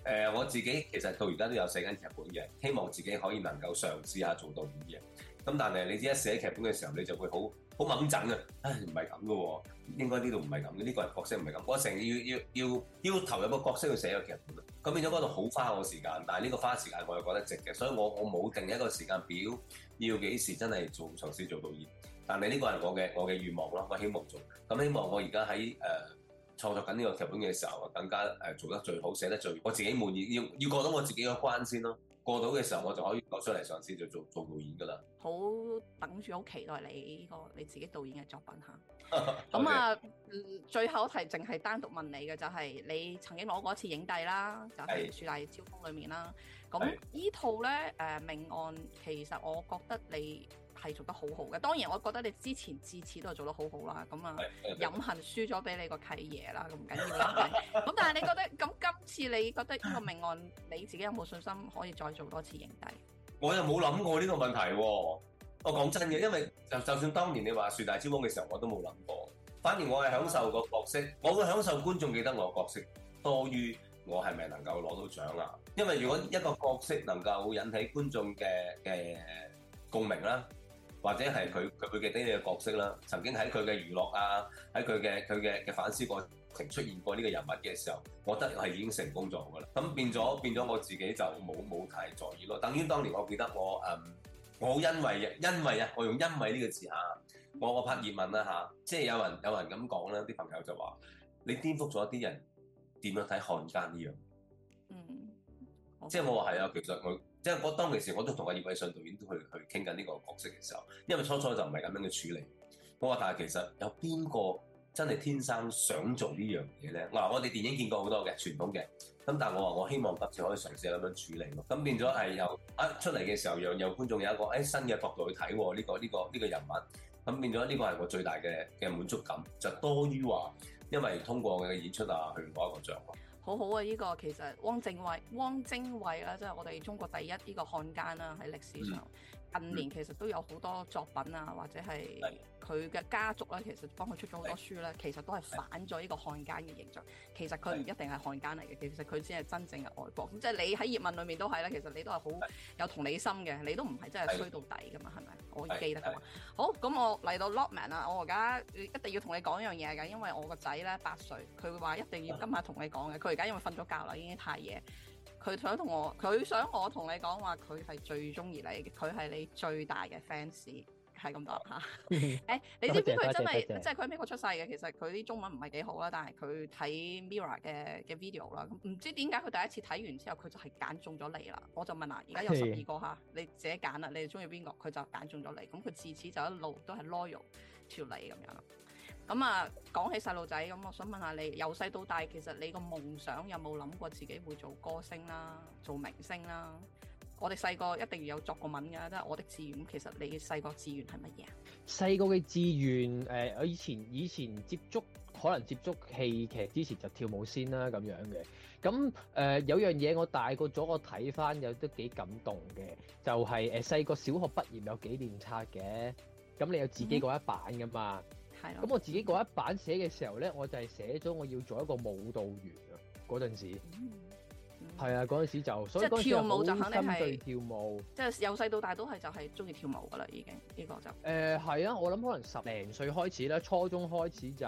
誒、呃、我自己其實到而家都有寫緊劇本嘅，希望自己可以能夠嘗試下做導演嘅。咁但係你知一寫劇本嘅時候，你就會好好掹陣啊！唉，唔係咁嘅喎，應該呢度唔係咁，呢、這個角色唔係咁。我成日要要要要投入個角色去寫個劇本，咁變咗嗰度好花我時間。但係呢個花時間我又覺得值嘅，所以我我冇定一個時間表，要幾時真係做嘗試做導演。但係呢個係我嘅我嘅願望咯，我希望做。咁希望我而家喺誒。呃創作緊呢個劇本嘅時候啊，更加誒做得最好，寫得最好，我自己滿意，要要過到我自己嘅關先咯。過到嘅時候，我就可以攞出嚟嘗試，就做做導演噶啦。好等住，好期待你呢個你自己導演嘅作品嚇。咁 啊，Okay. 最後一題淨係單獨問你嘅就係、是，你曾經攞過一次影帝啦，就係、是《樹大招風》裏面啦。咁依套咧誒命案，其實我覺得你。係做得好好嘅，當然我覺得你之前至此都係做得好好啦，咁啊飲恨輸咗俾你個契爺啦，唔緊要啦，咁 但係你覺得咁今次你覺得呢個命案，你自己有冇信心可以再做多次影帝？我又冇諗過呢個問題，我講真嘅，因為就就算當年你話樹大招風嘅時候，我都冇諗過，反而我係享受個角色， 我會享受觀眾記得我角色多於我係咪能夠攞到獎啦？因為如果一個角色能夠引起觀眾嘅嘅共鳴啦。或者係佢佢佢嘅爹哋嘅角色啦，曾經喺佢嘅娛樂啊，喺佢嘅佢嘅嘅反思過程出現過呢個人物嘅時候，我覺得係已經成功咗㗎啦。咁變咗變咗，我自己就冇冇太在意咯。等於當年我記得我誒、嗯，我因為因為啊，我用因為呢個字嚇我我拍葉問啦嚇，即係有人有人咁講啦，啲朋友就話你顛覆咗啲人點樣睇漢奸呢樣？嗯，即係我話係啊，其實佢。即係我當其時，我都同阿葉偉信導演都去去傾緊呢個角色嘅時候，因為初初就唔係咁樣嘅處理。我話，但係其實有邊個真係天生想做呢樣嘢咧？嗱，我哋電影見過好多嘅傳統嘅，咁但係我話我希望今次可以嘗試咁樣處理咯。咁變咗係由出嚟嘅時候，讓有觀眾有一個誒新嘅角度去睇呢個呢個呢個人物。咁變咗呢個係我最大嘅嘅滿足感，就多於話因為通過我嘅演出啊，去攞一個獎。好好啊！呢、這個其實汪精衛，汪精衛啦，即係我哋中國第一呢個漢奸啦、啊，喺歷史上、嗯、近年其實都有好多作品啊，或者係佢嘅家族啦、啊，其實幫佢出咗好多書咧、啊，其實都係反咗呢個漢奸嘅形象。其實佢唔一定係漢奸嚟嘅，其實佢只係真正嘅外國。咁即係你喺葉問裏面都係啦，其實你都係好有同理心嘅，你都唔係真係衰到底㗎嘛，係咪？我記得佢話好咁，我嚟到 Lokman 啦。我而家一定要同你講一樣嘢㗎，因為我個仔咧八歲，佢話一定要今日同你講嘅。佢而家因為瞓咗覺啦，已經太夜，佢想同我，佢想我同你講話，佢係最中意你嘅，佢係你最大嘅 fans。係咁多嚇，誒，你知唔知佢真係謝謝即係佢喺美國出世嘅？其實佢啲中文唔係幾好啦，但係佢睇 mirror 嘅嘅 video 啦，唔知點解佢第一次睇完之後，佢就係揀中咗你啦。我就問啊，而家有十二個嚇， 你自己揀啦，你哋中意邊個？佢就揀中咗你，咁佢自此就一路都係 loyal 條理咁樣啦。咁啊，講起細路仔，咁我想問下你，由細到大，其實你個夢想有冇諗過自己會做歌星啦、啊，做明星啦、啊？我哋細個一定要有作過文㗎，即係我的志願，其實你嘅細個志願係乜嘢啊？細個嘅志願，誒、呃，我以前以前接觸，可能接觸戲劇之前就跳舞先啦，咁樣嘅。咁誒、呃、有樣嘢，我大個咗，我睇翻有都幾感動嘅，就係誒細個小學畢業有紀念冊嘅。咁你有自己嗰一版噶嘛？係咯、嗯。咁我自己嗰一版寫嘅時候咧，我就係寫咗我要做一個舞蹈員啊！嗰陣時。嗯係啊，嗰陣時就，是所以嗰陣時跳舞就肯定係對跳舞，即係、就係、由細到大都係就係中意跳舞噶啦，已經呢個就誒係啊，我諗可能十零歲開始啦，初中開始就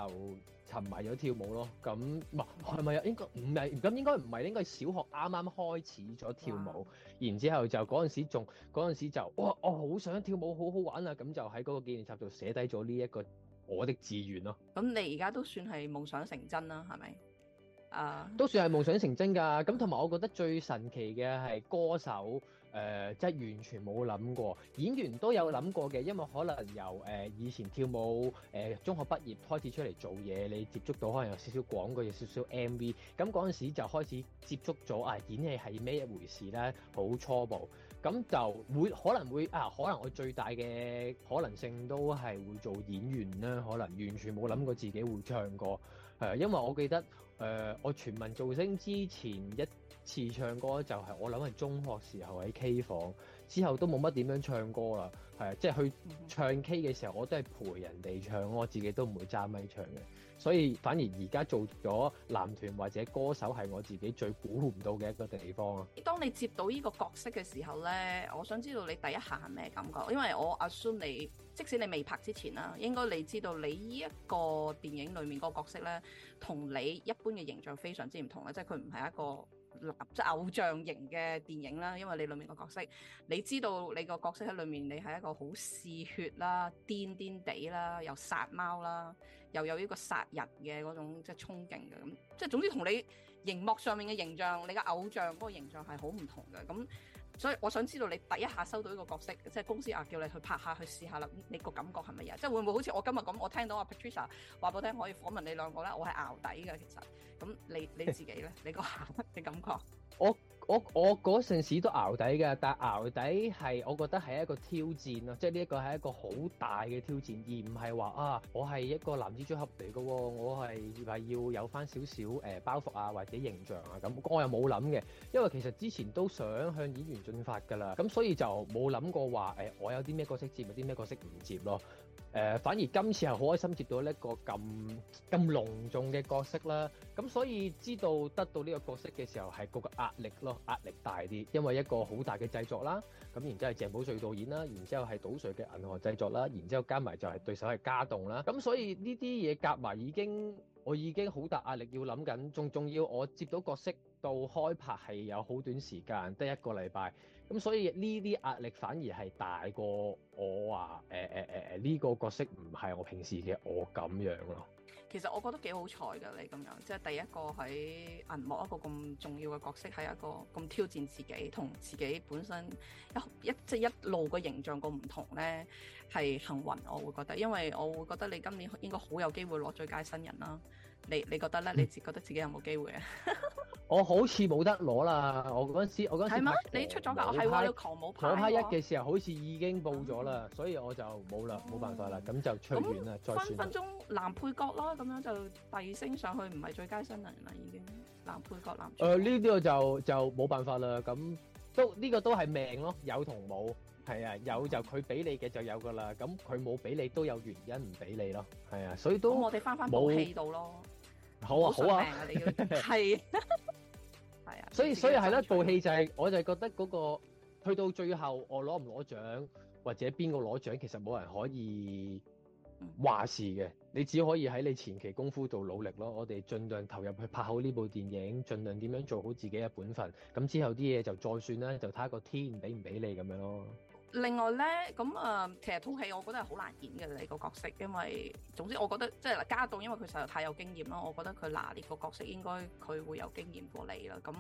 沉迷咗跳舞咯。咁唔係咪？啊，應該唔係，咁應該唔係應該小學啱啱開始咗跳舞，哇然之後就嗰陣時仲嗰陣時就哇，我好想跳舞，好好玩啊！咁就喺嗰個紀念冊度寫低咗呢一個我的志願咯。咁你而家都算係夢想成真啦，係咪？啊！Uh，都算係夢想成真㗎。咁同埋，我覺得最神奇嘅係歌手誒、呃，即係完全冇諗過演員都有諗過嘅，因為可能由誒、呃、以前跳舞誒、呃，中學畢業開始出嚟做嘢，你接觸到可能有少少廣告，有少少 MV，咁嗰陣時就開始接觸咗啊演戲係咩一回事咧，好初步咁就會可能會啊，可能我最大嘅可能性都係會做演員啦。可能完全冇諗過自己會唱歌，係、呃、因為我記得。誒、呃，我全民造星之前一次唱歌就係我諗係中學時候喺 K 房，之後都冇乜點樣唱歌啦，係啊，即係去唱 K 嘅時候我都係陪人哋唱，我自己都唔會揸咪唱嘅。所以反而而家做咗男團或者歌手係我自己最估唔到嘅一個地方啊！當你接到呢個角色嘅時候咧，我想知道你第一下係咩感覺，因為我 assume 你即使你未拍之前啦，應該你知道你呢一個電影裏面個角色咧，同你一般嘅形象非常之唔同啦，即係佢唔係一個男即偶像型嘅電影啦。因為你裏面個角色，你知道你個角色喺裏面你係一個好嗜血啦、癲癲地啦、又殺貓啦。又有呢個殺人嘅嗰種即係衝勁嘅，咁即係總之同你熒幕上面嘅形象，你嘅偶像嗰個形象係好唔同嘅，咁所以我想知道你第一下收到呢個角色，即係公司啊叫你去拍下去試下啦，你個感覺係乜嘢？即係會唔會好似我今日咁，我聽到阿 Patricia 話俾我聽，可以訪問你兩個咧，我係熬底嘅其實，咁你你自己咧， 你個下嘅感覺？我。我我嗰陣時都熬底嘅，但係熬底係我覺得係一個挑戰咯，即係呢一個係一個好大嘅挑戰，而唔係話啊，我係一個男子組合嚟嘅，我係係要有翻少少誒包袱啊，或者形象啊咁，我又冇諗嘅，因為其實之前都想向演員進發㗎啦，咁所以就冇諗過話誒，我有啲咩角色接，有啲咩角色唔接咯。誒、呃，反而今次係好開心接到一個咁咁隆重嘅角色啦，咁所以知道得到呢個角色嘅時候係個壓力咯，壓力大啲，因為一個好大嘅製作啦，咁然之後係鄭保瑞導演啦，然之後係杜 Sir 嘅銀河製作啦，然之後加埋就係對手係家棟啦，咁所以呢啲嘢夾埋已經。我已經好大壓力要諗緊，仲重要我接到角色到開拍係有好短時間，得一個禮拜，咁所以呢啲壓力反而係大過我話誒誒誒誒，呢個角色唔係我平時嘅我咁樣咯。其實我覺得幾好彩㗎，你咁樣即係第一個喺銀幕一個咁重要嘅角色，係一個咁挑戰自己同自己本身一一即係一，一路嘅形象個唔同咧，係幸運我會覺得，因為我會覺得你今年應該好有機會攞最佳新人啦。你你覺得咧？你自覺得自己有冇機會啊 ？我好似冇得攞啦！我嗰陣時，我嗰陣時拍。係咩？你出咗架？係喎，你派狂舞派。排一嘅時候好似已經報咗啦，嗯、所以我就冇啦，冇、嗯、辦法啦，咁就出完啦，嗯、再算啦。分分鐘男配角咯，咁樣就第二升上去，唔係最佳新人啦，已經男配角男。誒呢啲我就就冇辦法啦，咁都呢、呢個都係命咯，有同冇。係啊，有就佢俾你嘅就有噶啦。咁佢冇俾你都有原因唔俾你咯。係啊，所以都、哦、我哋翻翻部戲度咯。好啊，好啊，係 係啊。 啊所以所以係啦、啊，部戲就係、係、我就係覺得嗰、嗰個去到最後，我攞唔攞獎或者邊個攞獎，其實冇人可以話事嘅。你只可以喺你前期功夫度努力咯。我哋盡量投入去拍好呢部電影，盡量點樣做好自己嘅本分。咁之後啲嘢就再算啦，就睇下個天俾唔俾你咁樣咯。另外咧，咁啊，其實套戲我覺得係好難演嘅你個角色，因為總之我覺得即係嗱，家棟因為佢實在太有經驗啦，我覺得佢拿捏個角色應該佢會有經驗過你啦。咁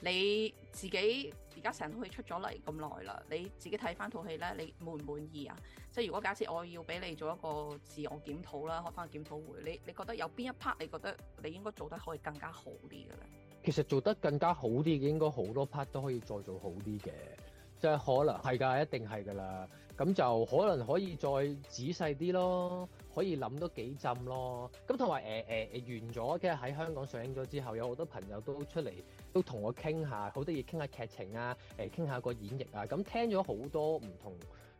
你自己而家成套戲出咗嚟咁耐啦，你自己睇翻套戲咧，你滿唔滿意啊？即係如果假設我要俾你做一個自我檢討啦，開翻檢討會，你你覺得有邊一 part 你覺得你應該做得可以更加好啲嘅咧？其實做得更加好啲嘅，應該好多 part 都可以再做好啲嘅。即係可能係㗎，一定係㗎啦。咁就可能可以再仔細啲咯，可以諗多幾陣咯。咁同埋誒誒誒完咗嘅喺香港上映咗之後，有好多朋友都出嚟都同我傾下，好多嘢傾下劇情啊，誒傾下個演繹啊。咁聽咗好多唔同，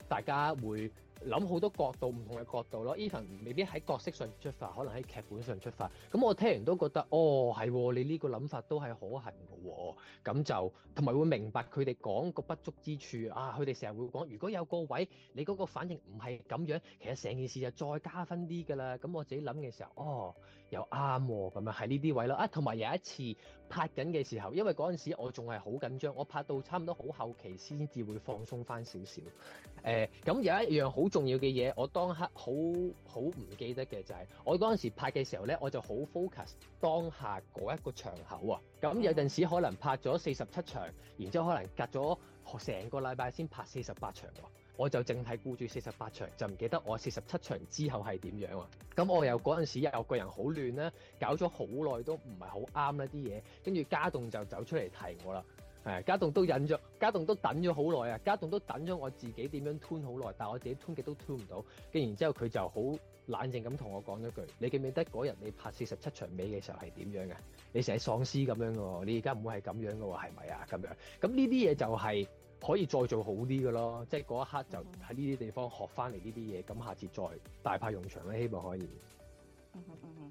大家會。諗好多角度，唔同嘅角度咯。even 未必喺角色上出發，可能喺劇本上出發。咁我聽完都覺得，哦，係，你呢個諗法都係可行嘅，哦。咁就同埋會明白佢哋講個不足之處。啊，佢哋成日會講，如果有個位你嗰個反應唔係咁樣，其實成件事就再加分啲㗎啦。咁我自己諗嘅時候，哦。又啱喎，哦，咁樣喺呢啲位咯。啊，同埋有，有一次拍緊嘅時候，因為嗰陣時我仲係好緊張，我拍到差唔多好後期先至會放鬆返少少。誒、呃，咁有一樣好重要嘅嘢，我當刻好好唔記得嘅就係、是、我嗰陣時拍嘅時候咧，我就好 focus 當下嗰一個場口啊。咁有陣時可能拍咗四十七場，然之後可能隔咗成個禮拜先拍四十八場，啊我就淨係顧住四十八場，就唔記得我四十七場之後係點樣啊。咁我又嗰陣時又個人好亂咧、啊，搞咗好耐都唔係好啱咧啲嘢，跟住家棟就走出嚟提我啦。誒、哎，家棟都忍咗，家棟都等咗好耐啊！家棟都等咗我自己點樣 turn 好耐，但係我自己 turn 極都 turn 唔到。跟然之後佢就好冷靜咁同我講咗句：你記唔記得嗰日你拍四十七場尾嘅時候係點樣嘅？你成日喪屍咁樣嘅喎，你而家唔會係咁樣嘅喎，係咪啊？咁樣咁呢啲嘢就係、是。可以再做好啲嘅咯，即係嗰一刻就喺呢啲地方學翻嚟呢啲嘢，咁、mm hmm. 下次再大派用場咧，希望可以。嗯嗯嗯，hmm.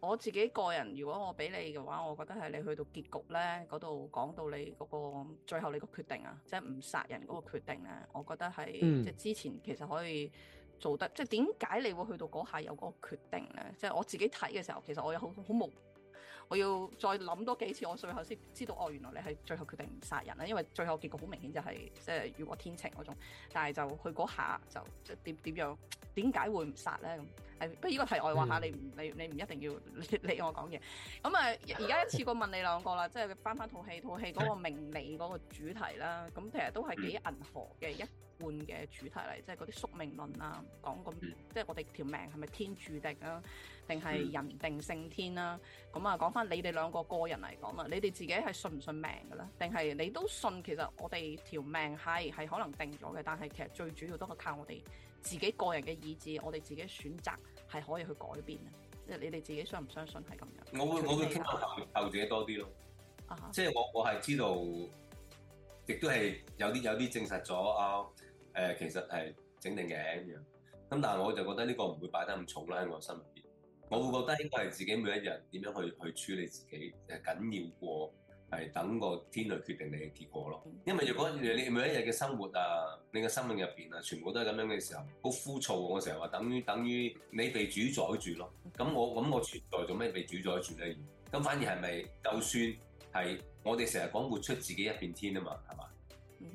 我自己個人，如果我俾你嘅話，我覺得係你去到結局咧嗰度講到你嗰個最後你個決定啊，即係唔殺人嗰個決定咧，我覺得係、mm hmm. 即係之前其實可以做得，即係點解你會去到嗰下有嗰個決定咧？即、就、係、是、我自己睇嘅時候，其實我有好好無。我要再諗多幾次，我最後先知道哦，原來你係最後決定唔殺人咧，因為最後結果好明顯就係即係雨過天晴嗰種，但係就去嗰下就即係點點樣，點解會唔殺咧咁？誒、嗯，不如呢個題外話下你你你唔一定要理我講嘢。咁啊，而家一次過問你兩個啦，即係翻返套戲，套戲嗰個命理嗰個主題啦，咁其實都係幾銀河嘅一嗯換嘅主題嚟，即係嗰啲宿命論啊，講咁，嗯、即係我哋條命係咪天注定啊，定係人定勝天啊？咁啊、嗯，講翻你哋兩個個人嚟講啊，你哋自己係信唔信命噶咧？定係你都信？其實我哋條命係係可能定咗嘅，但係其實最主要都係靠我哋自己個人嘅意志，我哋自己選擇係可以去改變啊！即係你哋自己相唔相信係咁樣？我會我會傾求求，求自己多啲咯，uh huh. 即係我我係知道，亦都係有啲有啲證實咗啊。誒其實係整定嘅咁樣，咁但係我就覺得呢個唔會擺得咁重啦喺我心入邊，我會覺得應該係自己每一日點樣去去處理自己，係緊要過係等個天去決定你嘅結果咯。因為如果你每一日嘅生活啊，你嘅生命入邊啊，全部都係咁樣嘅時候，好枯燥。我成日話等於等於你被主宰住咯。咁我咁我存在做咩被主宰住咧？咁反而係咪就算係我哋成日講活出自己一片天啊嘛，係嘛？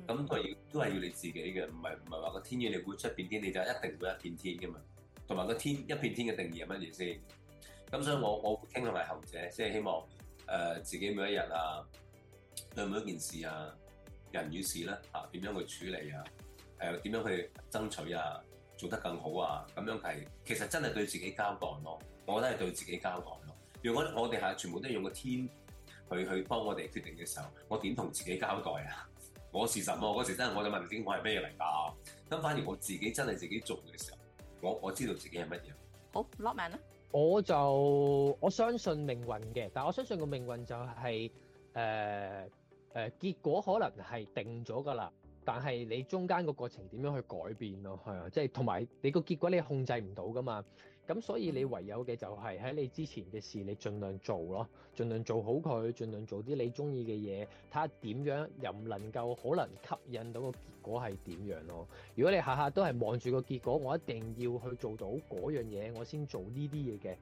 咁佢亦都係要你自己嘅，唔係唔係話個天與你會出變天，你就一定會一片天嘅嘛。同埋個天一片天嘅定義係乜嘢先？咁所以我我傾向係後者，即係希望誒自己每一日啊，對每一件事啊，人與事啦嚇，點樣去處理啊？誒點樣去爭取啊？做得更好啊？咁樣係其實真係對自己交代咯。我覺得係對自己交代咯。如果我哋係全部都係用個天去去幫我哋決定嘅時候，我點同自己交代啊？我係神喎，嗰時真係我想問啲，我係咩嚟㗎？咁反而我自己真係自己做嘅時候，我我知道自己係乜嘢。好，Lokman 咧，我就我相信命運嘅，但係我相信個命運就係誒誒結果可能係定咗㗎啦。但係你中間個過程點樣去改變咯？係啊，即係同埋你個結果你控制唔到㗎嘛。咁所以你唯有嘅就係喺你之前嘅事，你盡量做咯，盡量做好佢，盡量做啲你中意嘅嘢，睇下點樣又唔能夠可能吸引到個結果係點樣咯。如果你下下都係望住個結果，我一定要去做到嗰樣嘢，我先做呢啲嘢嘅。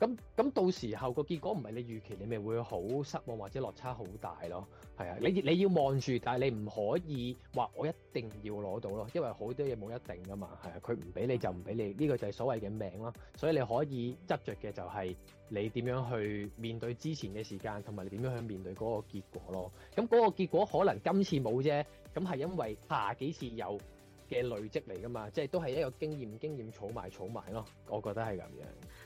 咁咁到時候個結果唔係你預期，你咪會好失望或者落差好大咯。係啊，你你要望住，但係你唔可以話我一定要攞到咯，因為好多嘢冇一定噶嘛，係啊，佢唔俾你就唔俾你，呢個就係所謂嘅命咯。所以你可以執着嘅就係你點樣去面對之前嘅時間，同埋你點樣去面對嗰個結果咯。咁嗰個結果可能今次冇啫，咁係因為下幾次有。嘅累積嚟噶嘛，即係都係一個經驗，經驗儲埋儲埋咯，我覺得係咁樣。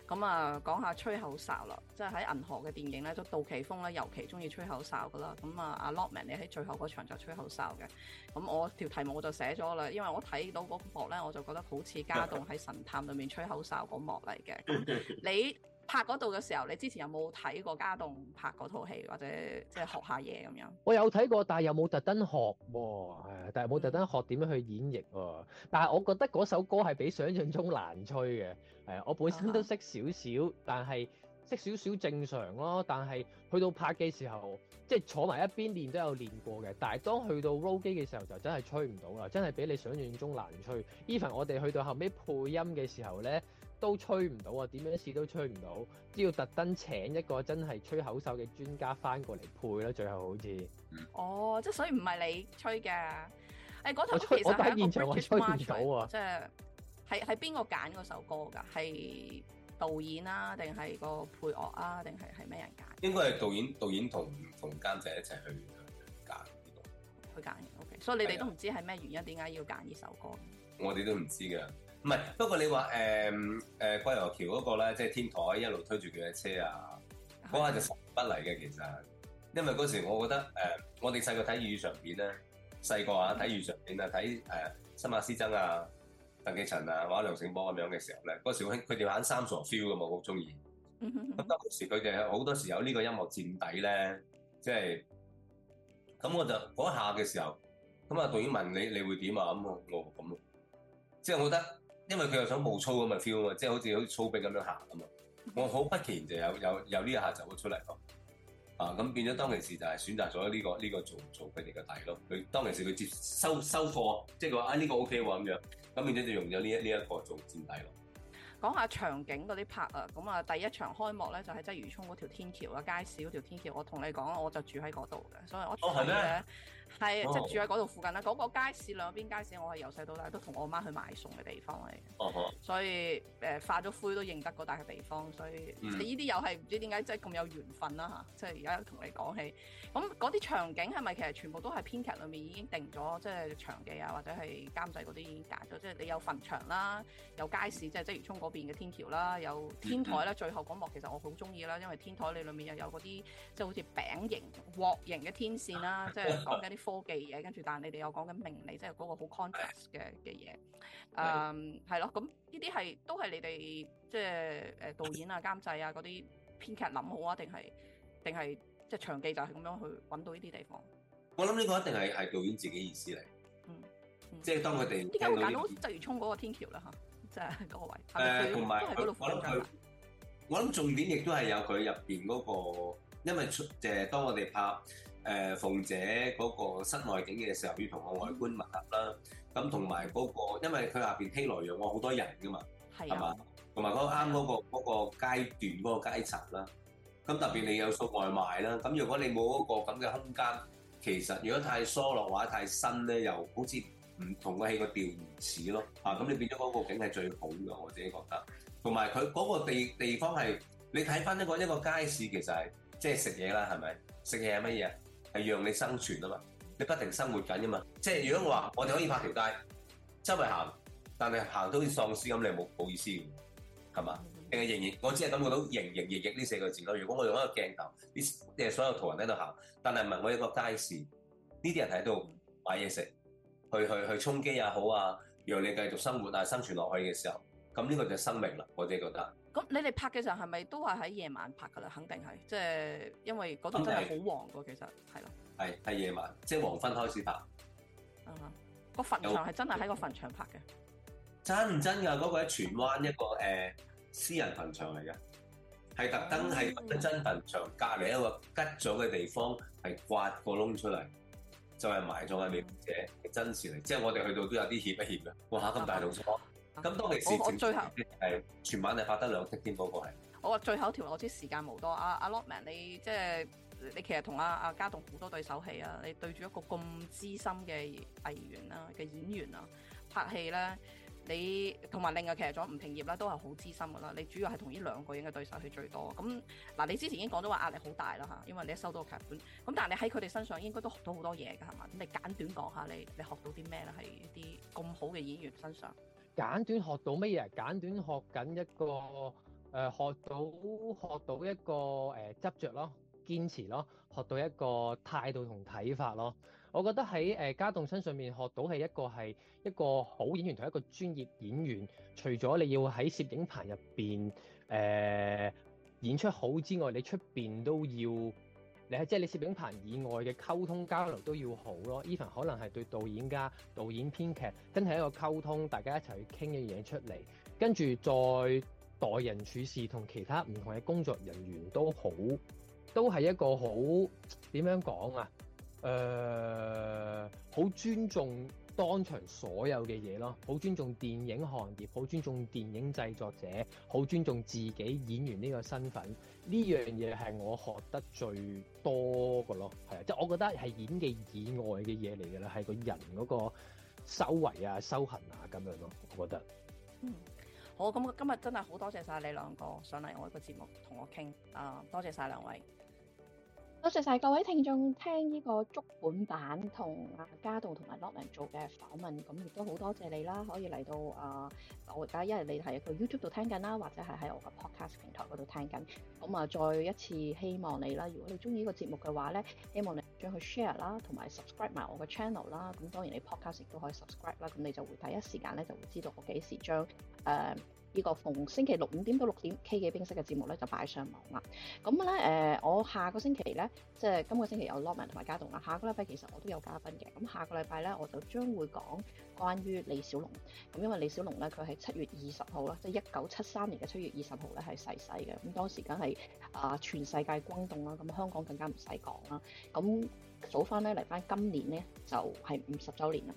咁啊、嗯，講下吹口哨啦，即係喺銀河嘅電影咧，都杜琪峰咧尤其中意吹口哨噶啦。咁、嗯、啊，阿 Lokman 你喺最後嗰場就吹口哨嘅。咁、嗯、我條題目我就寫咗啦，因為我睇到嗰幕咧，我就覺得好似家棟喺神探裏面吹口哨嗰幕嚟嘅、嗯。你。拍嗰度嘅時候，你之前有冇睇過家棟拍嗰套戲，或者即係學下嘢咁樣？我有睇過，但係又冇特登學喎，啊，但係冇特登學點樣去演繹喎、啊。但係我覺得嗰首歌係比想象中難吹嘅。誒、哎，我本身都識少少，但係識少少正常咯。但係去到拍嘅時候，即係坐埋一邊練都有練過嘅。但係當去到 roll 機嘅時候，就真係吹唔到啦，真係比你想象中難吹。Even 我哋去到後尾配音嘅時候咧。都吹唔到啊！點樣試都吹唔到，只要特登請一個真係吹口哨嘅專家翻過嚟配啦。最後好似，哦、嗯，oh，即係所以唔係你吹嘅，誒、欸、嗰套其實係一個 British music 啊，即係係係邊個揀嗰首歌㗎？係導演啊，定係個配樂啊，定係係咩人揀？應該係導演，導演同同監製一齊去揀呢個，去揀嘅 OK。所以你哋都唔知係咩原因，點解、啊、要揀呢首歌？我哋都唔知㗎。唔係，不過你話誒誒歸禾橋嗰個咧，即係天台一路推住佢嘅車啊，嗰下、啊、就不嚟嘅其實。因為嗰時我覺得誒、呃，我哋細個睇粵語長片咧，細個啊睇粵語長片啊睇誒新馬師曾啊、鄧寄塵啊、或者梁醒波咁樣嘅時候咧，嗰時佢哋玩三傻 feel 嘛，我好中意。咁當、嗯、時佢哋好多時有呢個音樂墊底咧，即係咁我就嗰下嘅時候，咁啊導演問你你，你會點啊？咁啊我咁咯，即係我覺得。因為佢又想冒粗咁嘅 feel 啊，即係好似好似操兵咁樣行啊嘛。我好不期然就有有有呢一下走咗出嚟咯。啊，咁變咗當其時就係選擇咗呢個呢個做做佢哋嘅底咯。佢當其時佢接收收貨，即係佢話啊呢個 OK 喎咁樣，咁變咗就用咗呢一呢一個做佔底咯。講下場景嗰啲拍啊，咁啊第一場開幕咧就係鰂魚涌嗰條天橋啊，街市嗰條天橋，我同你講，我就住喺嗰度嘅，所以我。哦，係係，即係、就是、住喺嗰度附近啦。嗰、那個街市兩邊街市，我係由細到大都同我媽去買餸嘅地方嚟。Oh、所以誒、呃，化咗灰都認得嗰笪地方。所以你依啲又係唔知點解，即係咁有緣分啦嚇、啊。即係而家同你講起，咁嗰啲場景係咪其實全部都係編劇裏面已經定咗，即係場景啊，或者係監製嗰啲已經揀咗。即係你有墳場啦、啊，有街市，即係鰂魚涌嗰邊嘅天橋啦、啊，有天台啦、啊。嗯、最後嗰幕其實我好中意啦，因為天台你裏面又有嗰啲即係好似餅形、鑊形嘅天線啦、啊，即係講緊啲。科技嘢，跟住但係你哋又講緊命理，即係嗰個好 contrast 嘅嘅嘢，誒係咯，咁呢啲係都係你哋即係誒導演啊、監製啊嗰啲編劇諗好啊，定係定係即係長記就係咁樣去揾到呢啲地方？我諗呢個一定係係導演自己意思嚟、嗯，嗯，即係當佢哋點解會揀到鰂魚涌嗰個天橋啦嚇，即係嗰個位誒，呃、同埋我諗佢，我諗重點亦都係有佢入邊嗰個，嗯、因為誒當我哋拍。誒鳳、呃、姐嗰個室內景嘅時候，要同個外觀吻合啦。咁同埋嗰個，因為佢下邊熙來攘往，我好多人噶嘛，係嘛的？同埋嗰啱嗰個嗰、那個、的階段嗰、那個階層啦。咁特別你有送外賣啦。咁如果你冇嗰個咁嘅空間，其實如果太疏落話，太新咧，又好似唔同嘅戲個調唔似咯。啊，咁你變咗嗰個景係最好嘅，我自己覺得。同埋佢嗰個地地方係你睇翻一個一個街市，其實係即係食嘢啦，係咪食嘢係乜嘢啊？係讓你生存啊嘛，你不停生活緊噶嘛，即係如果我話我哋可以拍條街周圍行，但係行到好似喪屍咁，你冇冇意思嘅，係嘛？定係仍然，我只係感覺到‘營營役役’呢四個字咯。如果我用一個鏡頭，你即係所有途人喺度行，但係問我一個街市，呢啲人喺度買嘢食，去去去充飢也好啊，讓你繼續生活但係生存落去嘅時候，咁呢個就係生命啦，我自己覺得。咁你哋拍嘅時候係咪都係喺夜晚拍噶啦？肯定係，即係因為嗰度真係好黃噶，是是其實係咯，係係夜晚，即係黃昏開始拍。啊、嗯、個、嗯、墳場係真係喺個墳場拍嘅，真唔真噶？嗰、那個喺荃灣一個誒、呃、私人墳場嚟嘅，係特登喺真墳場隔籬一個吉咗嘅地方，係掘個窿出嚟，就係、是、埋葬喺你者，係、嗯、真事嚟。即係我哋去到都有啲怯一怯嘅，哇！咁大動咁當其時，我我、啊啊、最後係全版係發得兩 days 添，嗰個係。我話最後一條，我知時間無多。阿、啊、阿、啊、Lokman，你即係你其實同阿阿家棟好多對手戲啦，你對住一個咁資深嘅藝員啦嘅演員啦拍戲咧，你同埋另外其實仲有吳平業啦，都係好資深噶啦。你主要係同呢兩個人嘅對手戲最多。咁嗱、啊，你之前已經講咗話壓力好大啦嚇、啊，因為你一收到劇本。咁、啊、但係你喺佢哋身上應該都學到好多嘢㗎係嘛？咁你簡短講下你你，你學到啲咩咧？係一啲咁好嘅演員身上。簡短學到乜嘢？簡短學緊一個誒、呃，學到學到一個誒、呃、執着咯，堅持咯，學到一個態度同睇法咯。我覺得喺誒家棟身上面學到係一個係一個好演員同一個專業演員，除咗你要喺攝影棚入邊誒演出好之外，你出邊都要。你係即係你攝影棚以外嘅溝通交流都要好咯，even 可能係對導演家、導演編劇真係一個溝通，大家一齊去傾嘅嘢出嚟，跟住再待人處事同其他唔同嘅工作人員都好，都係一個好，點樣講啊？誒、呃，好尊重。當場所有嘅嘢咯，好尊重電影行業，好尊重電影製作者，好尊重自己演員呢個身份，呢樣嘢係我學得最多嘅咯。係啊，即係我覺得係演技以外嘅嘢嚟嘅啦，係個人嗰個修為啊、修行啊咁樣咯，我覺得。嗯，好，咁我今日真係好多謝晒你兩個上嚟我一個節目同我傾，啊，多謝晒兩位。多謝晒各位聽眾聽呢個足本版同阿家棟同埋 Lokman 做嘅訪問，咁亦都好多謝你啦，可以嚟到啊、呃、我而家，一係你係個 YouTube 度聽緊啦，或者係喺我個 Podcast 平台嗰度聽緊，咁、嗯、啊再一次希望你啦，如果你中意呢個節目嘅話咧，希望你將佢 share 啦，同埋 subscribe 埋我個 channel 啦，咁當然你 Podcast 亦都可以 subscribe 啦，咁你就會第一時間咧就會知道我幾時將誒。呃呢個逢星期六五點到六點 K 嘅冰室嘅節目咧就擺上網啦。咁咧誒，我下個星期咧，即係今個星期有 Lokman 同埋家棟啦。下個禮拜其實我都有嘉賓嘅。咁下個禮拜咧，我就將會講關於李小龍。咁因為李小龍咧，佢喺七月二十號啦，即係一九七三年嘅七月二十號咧係逝世嘅。咁當時梗係啊全世界轟動啦，咁香港更加唔使講啦。咁早翻咧嚟翻今年咧就係五十週年啦。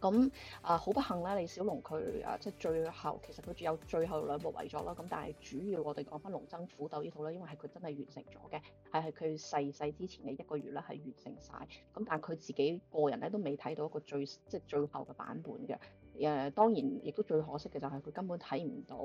咁啊，好、呃、不幸啦，李小龍佢啊，即係最後其實佢仲有最後兩部遺作啦。咁但係主要我哋講翻《龍爭虎鬥》呢套咧，因為係佢真係完成咗嘅，係係佢逝世之前嘅一個月咧係完成晒。咁但係佢自己個人咧都未睇到一個最即係最後嘅版本嘅。誒、呃、當然亦都最可惜嘅就係佢根本睇唔到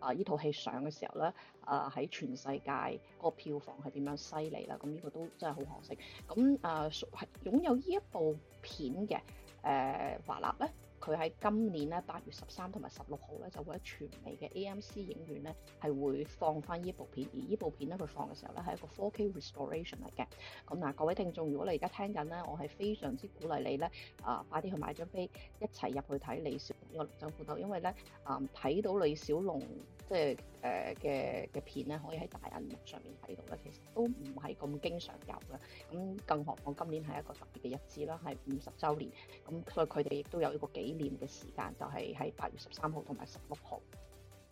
啊！呢、呃、套戲上嘅時候咧，啊、呃、喺全世界個票房係點樣犀利啦？咁呢個都真係好可惜。咁啊，屬、呃、係擁有呢一部片嘅。誒、呃、華納咧，佢喺今年咧八月十三同埋十六號咧就會喺全美嘅 AMC 影院咧係會放翻呢部片。而呢部片咧佢放嘅時候咧係一個 4K restoration 嚟嘅。咁、嗯、嗱，各位聽眾，如果你而家聽緊咧，我係非常之鼓勵你咧啊、呃，快啲去買張飛一齊入去睇李小龍嘅龍爭虎鬥，因為咧啊睇到李小龍。即係誒嘅嘅片咧，可以喺大銀幕上面睇到咧，其實都唔係咁經常有嘅。咁更何況今年係一個特別嘅日子啦，係五十週年。咁所以佢哋亦都有一個紀念嘅時間，就係喺八月十三號同埋十六號。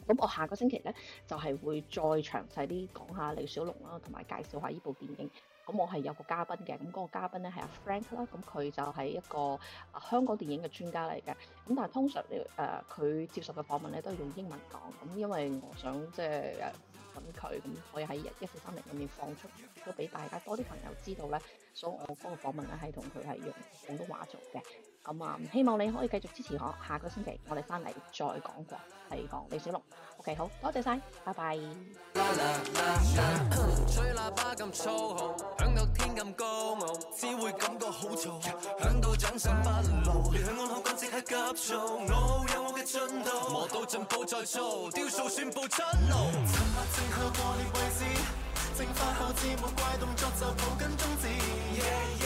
咁我下個星期咧，就係會再詳細啲講下李小龍啦，同埋介紹下呢部電影。我係有個嘉賓嘅，咁、那、嗰個嘉賓咧係阿 Frank 啦，咁佢就係一個香港電影嘅專家嚟嘅。咁但係通常咧，誒佢接受嘅訪問呢，都係用英文講，咁因為我想即係等佢，咁可以喺一四三零裏面放出，都俾大家多啲朋友知道呢。所以我嗰個訪問咧係同佢係用廣東話做嘅。咁啊，希望你可以繼續支持我。下個星期我哋翻嚟再講過，嚟講李小龍。OK，好多謝晒，拜拜。